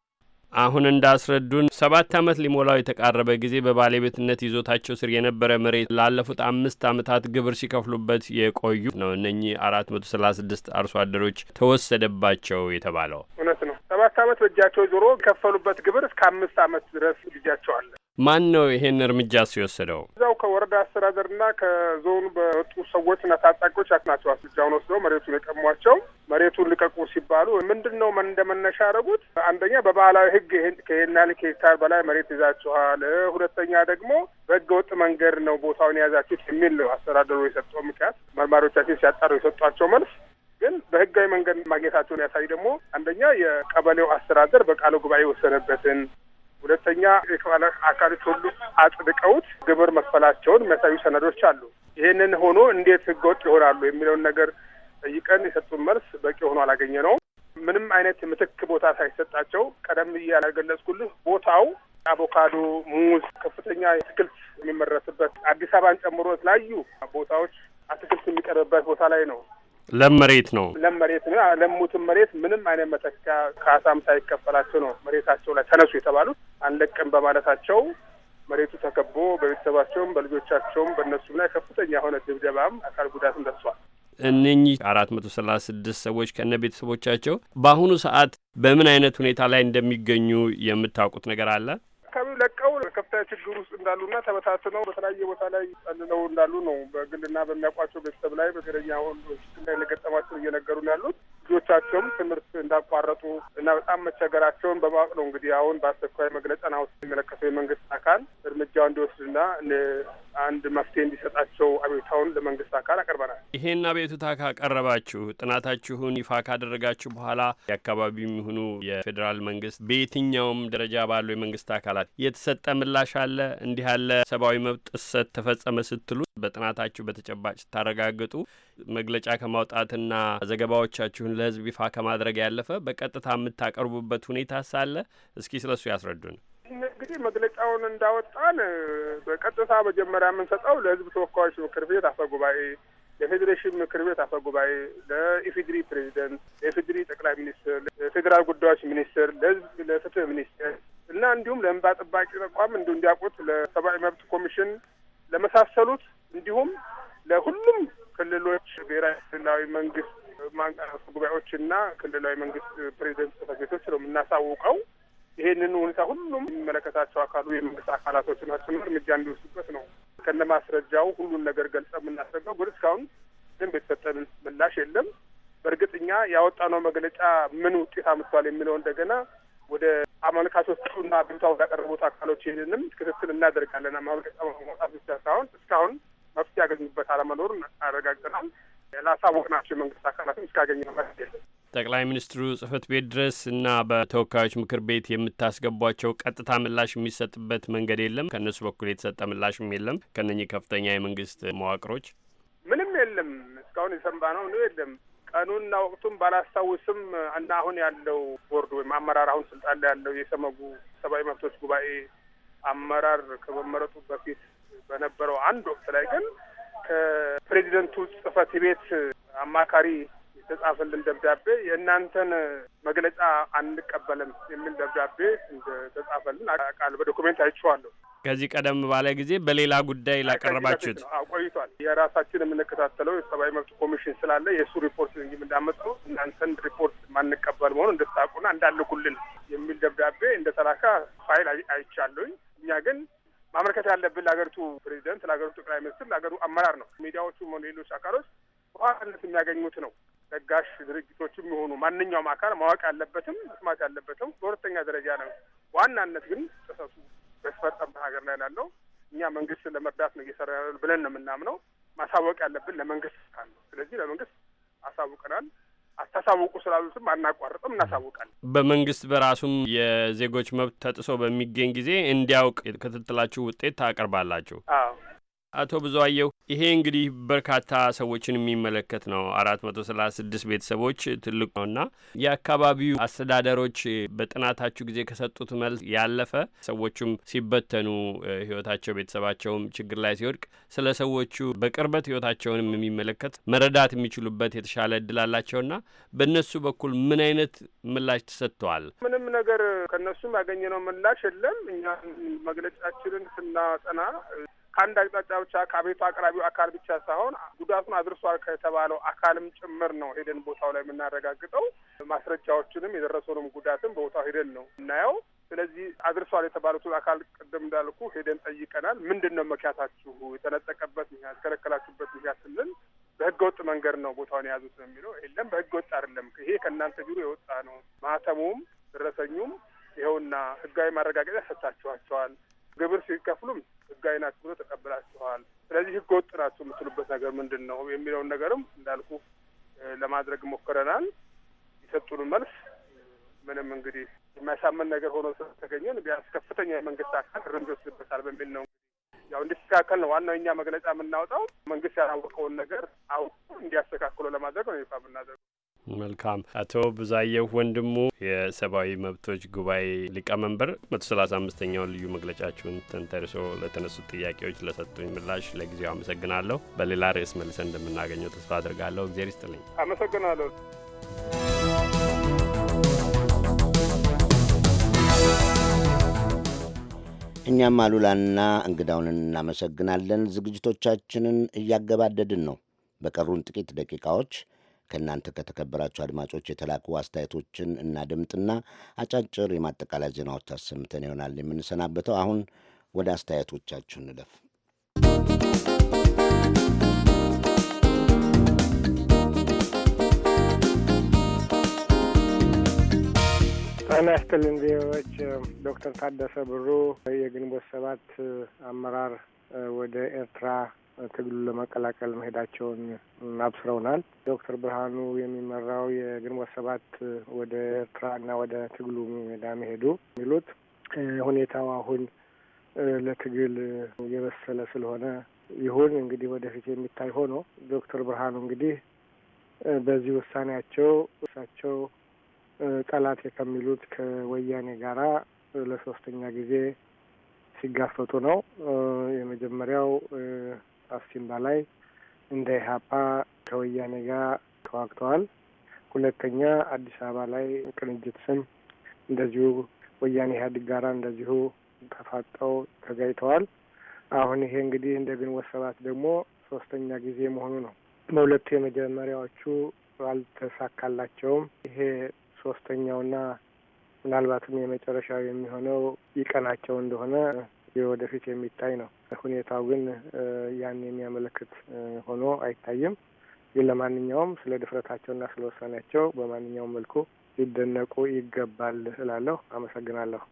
አሁን እንዳስረዱን ሰባት ዓመት ሊሞላው የተቃረበ ጊዜ በባለቤትነት ይዞታቸው ስር የነበረ መሬት ላለፉት አምስት ዓመታት ግብር ሲከፍሉበት የቆዩ ነው። እነኚህ አራት መቶ ሰላሳ ስድስት አርሶ አደሮች ተወሰደባቸው የተባለው እውነት ነው። ሰባት ዓመት በእጃቸው ዞሮ የከፈሉበት ግብር እስከ አምስት ዓመት ድረስ ልጃቸው አለ። ማን ነው ይሄን እርምጃ ሲወሰደው? እዛው ከወረዳ አስተዳደርና ከዞኑ በወጡ ሰዎችና ታጣቂዎች ናቸው እርምጃውን ወስደው መሬቱን የቀሟቸው። መሬቱን ልቀቁ ሲባሉ ምንድን ነው እንደመነሻ ያደረጉት? አንደኛ በባህላዊ ህግ ከሄና ልክ ሄክታር በላይ መሬት ይዛችኋል፣ ሁለተኛ ደግሞ በህገ ወጥ መንገድ ነው ቦታውን የያዛችሁት የሚል ነው አስተዳደሩ የሰጠው ምክንያት። መርማሪዎቻችን ሲያጣሩ የሰጧቸው መልስ ግን በህጋዊ መንገድ ማግኘታቸውን ያሳይ ደግሞ አንደኛ የቀበሌው አስተዳደር በቃለ ጉባኤ የወሰነበትን ሁለተኛ የተዋለ አካሎች ሁሉ አጽድቀውት ግብር መክፈላቸውን የሚያሳዩ ሰነዶች አሉ። ይህንን ሆኖ እንዴት ህገወጥ ይሆናሉ የሚለውን ነገር ጠይቀን የሰጡን መልስ በቂ ሆኖ አላገኘ ነው። ምንም አይነት ምትክ ቦታ ሳይሰጣቸው ቀደም እያገለጽኩልህ ቦታው አቮካዶ፣ ሙዝ፣ ከፍተኛ አትክልት የሚመረትበት አዲስ አበባን ጨምሮ የተለያዩ ቦታዎች አትክልት የሚቀርብበት ቦታ ላይ ነው ለም መሬት ነው። ለም መሬት ነው። ለሙትም መሬት ምንም አይነት መተኪያ ካሳም ሳይከፈላቸው ነው መሬታቸው ላይ ተነሱ የተባሉት አንለቅም በማለታቸው መሬቱ ተከቦ በቤተሰባቸውም በልጆቻቸውም በእነሱም ላይ ከፍተኛ የሆነ ድብደባም አካል ጉዳትም ደርሷል። እነኚህ አራት መቶ ሰላሳ ስድስት ሰዎች ከነ ቤተሰቦቻቸው በአሁኑ ሰዓት በምን አይነት ሁኔታ ላይ እንደሚገኙ የምታውቁት ነገር አለ? አካባቢው ለቀው ከፍተኛ ችግር ውስጥ እንዳሉና ተበታትነው በተለያየ ቦታ ላይ ጠልለው እንዳሉ ነው በግልና በሚያውቋቸው ቤተሰብ ላይ በተለኛ አሁን ላይ ለገጠማቸው እየነገሩን ያሉት ልጆቻቸውም ትምህርት እንዳቋረጡ እና በጣም መቸገራቸውን በማወቅ ነው እንግዲህ አሁን በአስቸኳይ ና ውስጥ የሚመለከተው የመንግስት አካል እርምጃው እንዲወስድና አንድ መፍትሄ እንዲሰጣቸው አቤቱታውን ለመንግስት አካል አቅርበናል። ይሄን አቤቱታ ካቀረባችሁ ጥናታችሁን ይፋ ካደረጋችሁ በኋላ የአካባቢ የሚሆኑ የፌዴራል መንግስት በየትኛውም ደረጃ ባሉ የመንግስት አካላት የተሰጠ ምላሽ አለ? እንዲህ ያለ ሰብአዊ መብት ጥሰት ተፈጸመ ስትሉ በጥናታችሁ በተጨባጭ ስታረጋግጡ መግለጫ ከማውጣትና ዘገባዎቻችሁን ለህዝብ ይፋ ከማድረግ ያለፈ በቀጥታ የምታቀርቡበት ሁኔታ ሳለ እስኪ ስለሱ ያስረዱን። እንግዲህ መግለጫውን እንዳወጣን በቀጥታ መጀመሪያ የምንሰጠው ለህዝብ ተወካዮች ምክር ቤት አፈ ጉባኤ፣ ለፌዴሬሽን ምክር ቤት አፈ ጉባኤ፣ ለኢፌድሪ ፕሬዚደንት፣ ለኢፌድሪ ጠቅላይ ሚኒስትር፣ ለፌዴራል ጉዳዮች ሚኒስትር፣ ለህዝብ ለፍትህ ሚኒስቴር እና እንዲሁም ለእንባ ጠባቂ ተቋም እንዲሁ እንዲያውቁት ለሰብአዊ መብት ኮሚሽን ለመሳሰሉት እንዲሁም ለሁሉም ክልሎች ብሔራዊ ክልላዊ መንግስት ማንቀራፍ ጉባኤዎች እና ክልላዊ መንግስት ፕሬዚደንት ጽሕፈት ቤቶች ነው የምናሳውቀው። ይሄንን ሁኔታ ሁሉም የሚመለከታቸው አካሉ የመንግስት አካላቶች ናቸው እርምጃ እንዲወስዱበት ነው። ከነ ማስረጃው ሁሉን ነገር ገልጸ የምናስረገው ግን እስካሁን ምንም የተሰጠን ምላሽ የለም። በእርግጥ እኛ ያወጣነው መግለጫ ምን ውጤት አምጥቷል የሚለው እንደገና ወደ አመልካቾቹና አቤቱታ ወዳቀረቡት አካሎች ይህንንም ክትትል እናደርጋለን። ማመልከቻ ማውጣት ብቻ ሳይሆን እስካሁን መፍትሄ ያገኙበት አለመኖሩን አረጋግጠናል። ላሳወቅናቸው የመንግስት አካላትም እስካገኘ መረጃ የለም። ጠቅላይ ሚኒስትሩ ጽህፈት ቤት ድረስ እና በተወካዮች ምክር ቤት የምታስገቧቸው ቀጥታ ምላሽ የሚሰጥበት መንገድ የለም። ከእነሱ በኩል የተሰጠ ምላሽም የለም። ከነኚህ ከፍተኛ የመንግስት መዋቅሮች ምንም የለም። እስካሁን ነው ነው የለም። ቀኑና ወቅቱም ባላስታውስም እና አሁን ያለው ቦርድ ወይም አመራር አሁን ስልጣን ላይ ያለው የሰመጉ ሰብአዊ መብቶች ጉባኤ አመራር ከመመረጡ በፊት በነበረው አንድ ወቅት ላይ ግን ከፕሬዚደንቱ ጽህፈት ቤት አማካሪ የተጻፈልን ደብዳቤ የእናንተን መግለጫ አንቀበልም የሚል ደብዳቤ እንደተጻፈልን ቃል በዶኩሜንት አይቼዋለሁ። ከዚህ ቀደም ባለ ጊዜ በሌላ ጉዳይ ላቀረባችሁት ቆይቷል። የራሳችን የምንከታተለው የሰብአዊ መብት ኮሚሽን ስላለ የእሱ ሪፖርት እንጂ እንዳመጣው እናንተን ሪፖርት ማንቀበል መሆኑ እንድታቁና እንዳልኩልን የሚል ደብዳቤ እንደተላካ ፋይል አይቻለሁኝ። እኛ ግን ማመልከት ያለብን ለሀገሪቱ ፕሬዚደንት፣ ለሀገሪቱ ጠቅላይ ሚኒስትር፣ ለሀገሩ አመራር ነው። ሚዲያዎቹ ሆኑ ሌሎች አካሎች በዋናነት የሚያገኙት ነው። ለጋሽ ድርጅቶች የሚሆኑ ማንኛውም አካል ማወቅ ያለበትም መስማት ያለበትም በሁለተኛ ደረጃ ነው። ዋናነት ግን ጥሰቱ በተፈጸመበት ሀገር ላይ ላለው እኛ መንግስት ለመርዳት ነው እየሰራ ብለን ነው የምናምነው። ማሳወቅ ያለብን ለመንግስት ካል ነው። ስለዚህ ለመንግስት አሳውቀናል። አታሳውቁ ስላሉትም አናቋርጥም፣ እናሳውቃለን። በመንግስት በራሱም የዜጎች መብት ተጥሶ በሚገኝ ጊዜ እንዲያውቅ ክትትላችሁ ውጤት ታቀርባላችሁ። አዎ አቶ ብዙአየሁ ይሄ እንግዲህ በርካታ ሰዎችን የሚመለከት ነው። አራት መቶ ሰላሳ ስድስት ቤተሰቦች ትልቅ ነውና የአካባቢው አስተዳደሮች በጥናታችሁ ጊዜ ከሰጡት መልስ ያለፈ ሰዎቹም ሲበተኑ ህይወታቸው ቤተሰባቸውም ችግር ላይ ሲወድቅ ስለ ሰዎቹ በቅርበት ህይወታቸውንም የሚመለከት መረዳት የሚችሉበት የተሻለ እድል አላቸውና በእነሱ በኩል ምን አይነት ምላሽ ተሰጥተዋል? ምንም ነገር ከእነሱም ያገኘነው ምላሽ የለም። እኛ መግለጫችንን ስናጠና ከአንድ አቅጣጫ ብቻ ከአቤቱ አቅራቢው አካል ብቻ ሳይሆን ጉዳቱን አድርሷል ከተባለው አካልም ጭምር ነው ሄደን ቦታው ላይ የምናረጋግጠው። ማስረጃዎችንም የደረሰውንም ጉዳትም በቦታው ሄደን ነው እናየው። ስለዚህ አድርሷል የተባሉትን አካል ቅድም እንዳልኩ ሄደን ጠይቀናል። ምንድን ነው መኪያታችሁ የተነጠቀበት ምክንያት የተከለከላችሁበት ምክንያት ስንል በህገ ወጥ መንገድ ነው ቦታውን የያዙት ነው የሚለው። የለም በህገ ወጥ አይደለም፣ ይሄ ከእናንተ ቢሮ የወጣ ነው። ማህተሙም ደረሰኙም ይኸውና ህጋዊ ማረጋገጫ ሰጥታችኋቸዋል ግብር ሲከፍሉም ህጋዊ ናችሁ ብሎ ተቀብላችኋል። ስለዚህ ህገ ወጥ ናችሁ የምትሉበት ነገር ምንድን ነው የሚለውን ነገርም እንዳልኩ ለማድረግ ሞክረናል። የሰጡን መልስ ምንም እንግዲህ የሚያሳምን ነገር ሆኖ ስለተገኘን ቢያንስ ከፍተኛ የመንግስት አካል እርምጃ ይወስድበታል በሚል ነው ያው እንዲስተካከል ነው ዋናው የኛ መግለጫ የምናወጣው። መንግስት ያላወቀውን ነገር አውቁ እንዲያስተካክሎ ለማድረግ ነው ይፋ የምናደርገው። መልካም አቶ ብዛየሁ ወንድሙ የሰብአዊ መብቶች ጉባኤ ሊቀመንበር መቶ ሰላሳ አምስተኛውን ልዩ መግለጫችሁን ተንተርሶ ለተነሱት ጥያቄዎች ለሰጡኝ ምላሽ ለጊዜው አመሰግናለሁ። በሌላ ርዕስ መልሰን እንደምናገኘው ተስፋ አድርጋለሁ። እግዜር ይስጥልኝ። አመሰግናለሁ። እኛም አሉላንና እንግዳውን እናመሰግናለን። ዝግጅቶቻችንን እያገባደድን ነው። በቀሩን ጥቂት ደቂቃዎች ከእናንተ ከተከበራችሁ አድማጮች የተላኩ አስተያየቶችን እናድምጥና አጫጭር የማጠቃለያ ዜናዎች አሰምተን ይሆናል የምንሰናበተው። አሁን ወደ አስተያየቶቻችሁ እንለፍ። ጤና ይስጥልን ዜዎች ዶክተር ታደሰ ብሩ የግንቦት ሰባት አመራር ወደ ኤርትራ ትግሉ ለመቀላቀል መሄዳቸውን አብስረውናል። ዶክተር ብርሃኑ የሚመራው የግንቦት ሰባት ወደ ኤርትራና ወደ ትግሉ ሜዳ መሄዱ የሚሉት ሁኔታው አሁን ለትግል የበሰለ ስለሆነ ይሁን እንግዲህ ወደፊት የሚታይ ሆኖ ዶክተር ብርሃኑ እንግዲህ በዚህ ውሳኔያቸው እሳቸው ጠላት ከሚሉት ከወያኔ ጋራ ለሶስተኛ ጊዜ ሲጋፈጡ ነው። የመጀመሪያው አፍሲም በላይ እንደ ኢህአፓ ከወያኔ ጋር ተዋግተዋል። ሁለተኛ አዲስ አበባ ላይ ቅንጅት ስም እንደዚሁ ወያኔ ኢህአዴግ ጋራ እንደዚሁ ተፋጠው ተጋይተዋል። አሁን ይሄ እንግዲህ እንደ ግንቦት ሰባት ደግሞ ሶስተኛ ጊዜ መሆኑ ነው። በሁለቱ የመጀመሪያዎቹ አልተሳካላቸውም። ይሄ ሶስተኛውና ምናልባትም የመጨረሻው የሚሆነው ይቀናቸው እንደሆነ የወደፊት የሚታይ ነው። ሁኔታው ግን ያን የሚያመለክት ሆኖ አይታይም። ግን ለማንኛውም ስለ ድፍረታቸውና ስለ ውሳኔያቸው በማንኛውም መልኩ ሊደነቁ ይገባል እላለሁ። አመሰግናለሁ።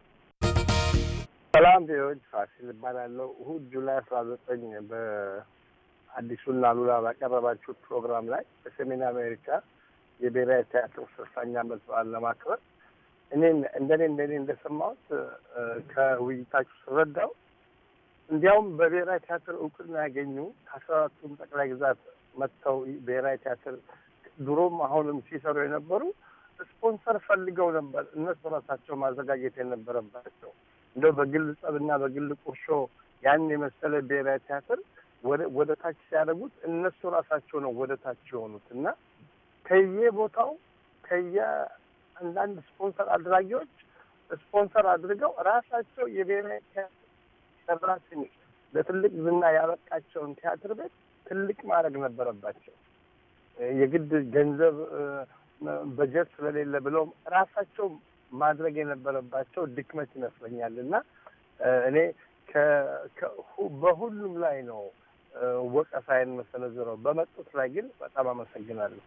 ሰላም ዜዎች ፋሲል እባላለሁ። እሁድ ጁላይ አስራ ዘጠኝ በአዲሱና ሉላ ባቀረባችሁት ፕሮግራም ላይ በሰሜን አሜሪካ የብሔራዊ ቲያትር ስልሳኛ ዓመት በዓል ለማክበር እኔን እንደኔ እንደኔ እንደሰማሁት ከውይይታችሁ ስረዳው እንዲያውም በብሔራዊ ቲያትር እውቅና ያገኙ ከአስራ አራቱም ጠቅላይ ግዛት መጥተው ብሔራዊ ቲያትር ድሮም አሁንም ሲሰሩ የነበሩ ስፖንሰር ፈልገው ነበር። እነሱ ራሳቸው ማዘጋጀት የነበረባቸው እንደው በግል ጸብና በግል ቁርሾ ያን የመሰለ ብሔራዊ ቲያትር ወደ ታች ሲያደርጉት እነሱ ራሳቸው ነው ወደ ታች የሆኑት እና ከየ ቦታው ከየ አንዳንድ ስፖንሰር አድራጊዎች ስፖንሰር አድርገው ራሳቸው የብሔራዊ ቲያትር ለትልቅ ዝና ያበቃቸውን ቲያትር ቤት ትልቅ ማድረግ ነበረባቸው። የግድ ገንዘብ በጀት ስለሌለ ብለውም ራሳቸው ማድረግ የነበረባቸው ድክመት ይመስለኛል እና እኔ በሁሉም ላይ ነው ወቀሳይን መሰነዝረው። በመጡት ላይ ግን በጣም አመሰግናለሁ።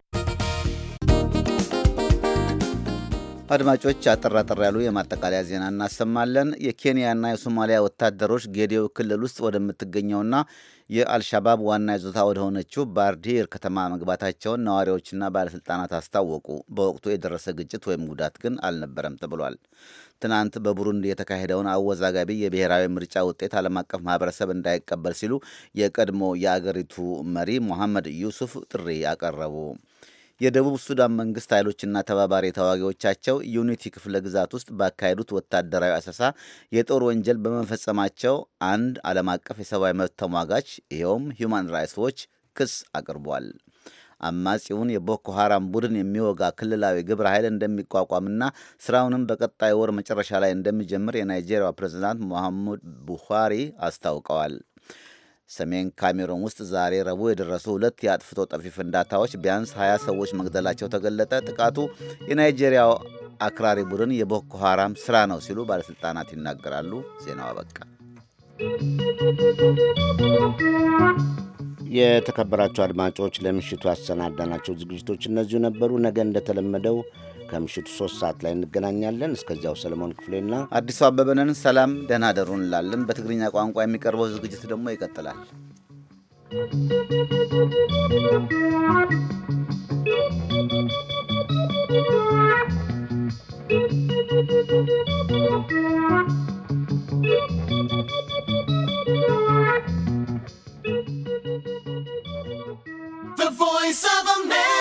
አድማጮች አጠር አጠር ያሉ የማጠቃለያ ዜና እናሰማለን። የኬንያና የሶማሊያ ወታደሮች ጌዲዮ ክልል ውስጥ ወደምትገኘውና የአልሻባብ ዋና ይዞታ ወደሆነችው ባርዲር ከተማ መግባታቸውን ነዋሪዎችና ባለሥልጣናት አስታወቁ። በወቅቱ የደረሰ ግጭት ወይም ጉዳት ግን አልነበረም ተብሏል። ትናንት በቡሩንዲ የተካሄደውን አወዛጋቢ የብሔራዊ ምርጫ ውጤት ዓለም አቀፍ ማህበረሰብ እንዳይቀበል ሲሉ የቀድሞ የአገሪቱ መሪ ሞሐመድ ዩሱፍ ጥሪ አቀረቡ። የደቡብ ሱዳን መንግስት ኃይሎችና ተባባሪ ተዋጊዎቻቸው ዩኒቲ ክፍለ ግዛት ውስጥ ባካሄዱት ወታደራዊ አሰሳ የጦር ወንጀል በመፈጸማቸው አንድ ዓለም አቀፍ የሰብአዊ መብት ተሟጋች ይኸውም ሂውማን ራይትስ ዎች ክስ አቅርቧል። አማጺውን የቦኮ ሐራም ቡድን የሚወጋ ክልላዊ ግብረ ኃይል እንደሚቋቋምና ስራውንም በቀጣይ ወር መጨረሻ ላይ እንደሚጀምር የናይጄሪያ ፕሬዚዳንት ሙሐመድ ቡኻሪ አስታውቀዋል። ሰሜን ካሜሮን ውስጥ ዛሬ ረቡዕ የደረሱ ሁለት የአጥፍቶ ጠፊ ፍንዳታዎች ቢያንስ 20 ሰዎች መግደላቸው ተገለጠ። ጥቃቱ የናይጄሪያው አክራሪ ቡድን የቦኮ ሃራም ስራ ነው ሲሉ ባለሥልጣናት ይናገራሉ። ዜናው አበቃ። የተከበራቸው አድማጮች ለምሽቱ ያሰናዳናቸው ዝግጅቶች እነዚሁ ነበሩ። ነገ እንደተለመደው ከምሽቱ ሶስት ሰዓት ላይ እንገናኛለን። እስከዚያው ሰለሞን ክፍሌና አዲሱ አበበነን ሰላም ደህና ደሩ እንላለን። በትግርኛ ቋንቋ የሚቀርበው ዝግጅት ደግሞ ይቀጥላል። The voice of a man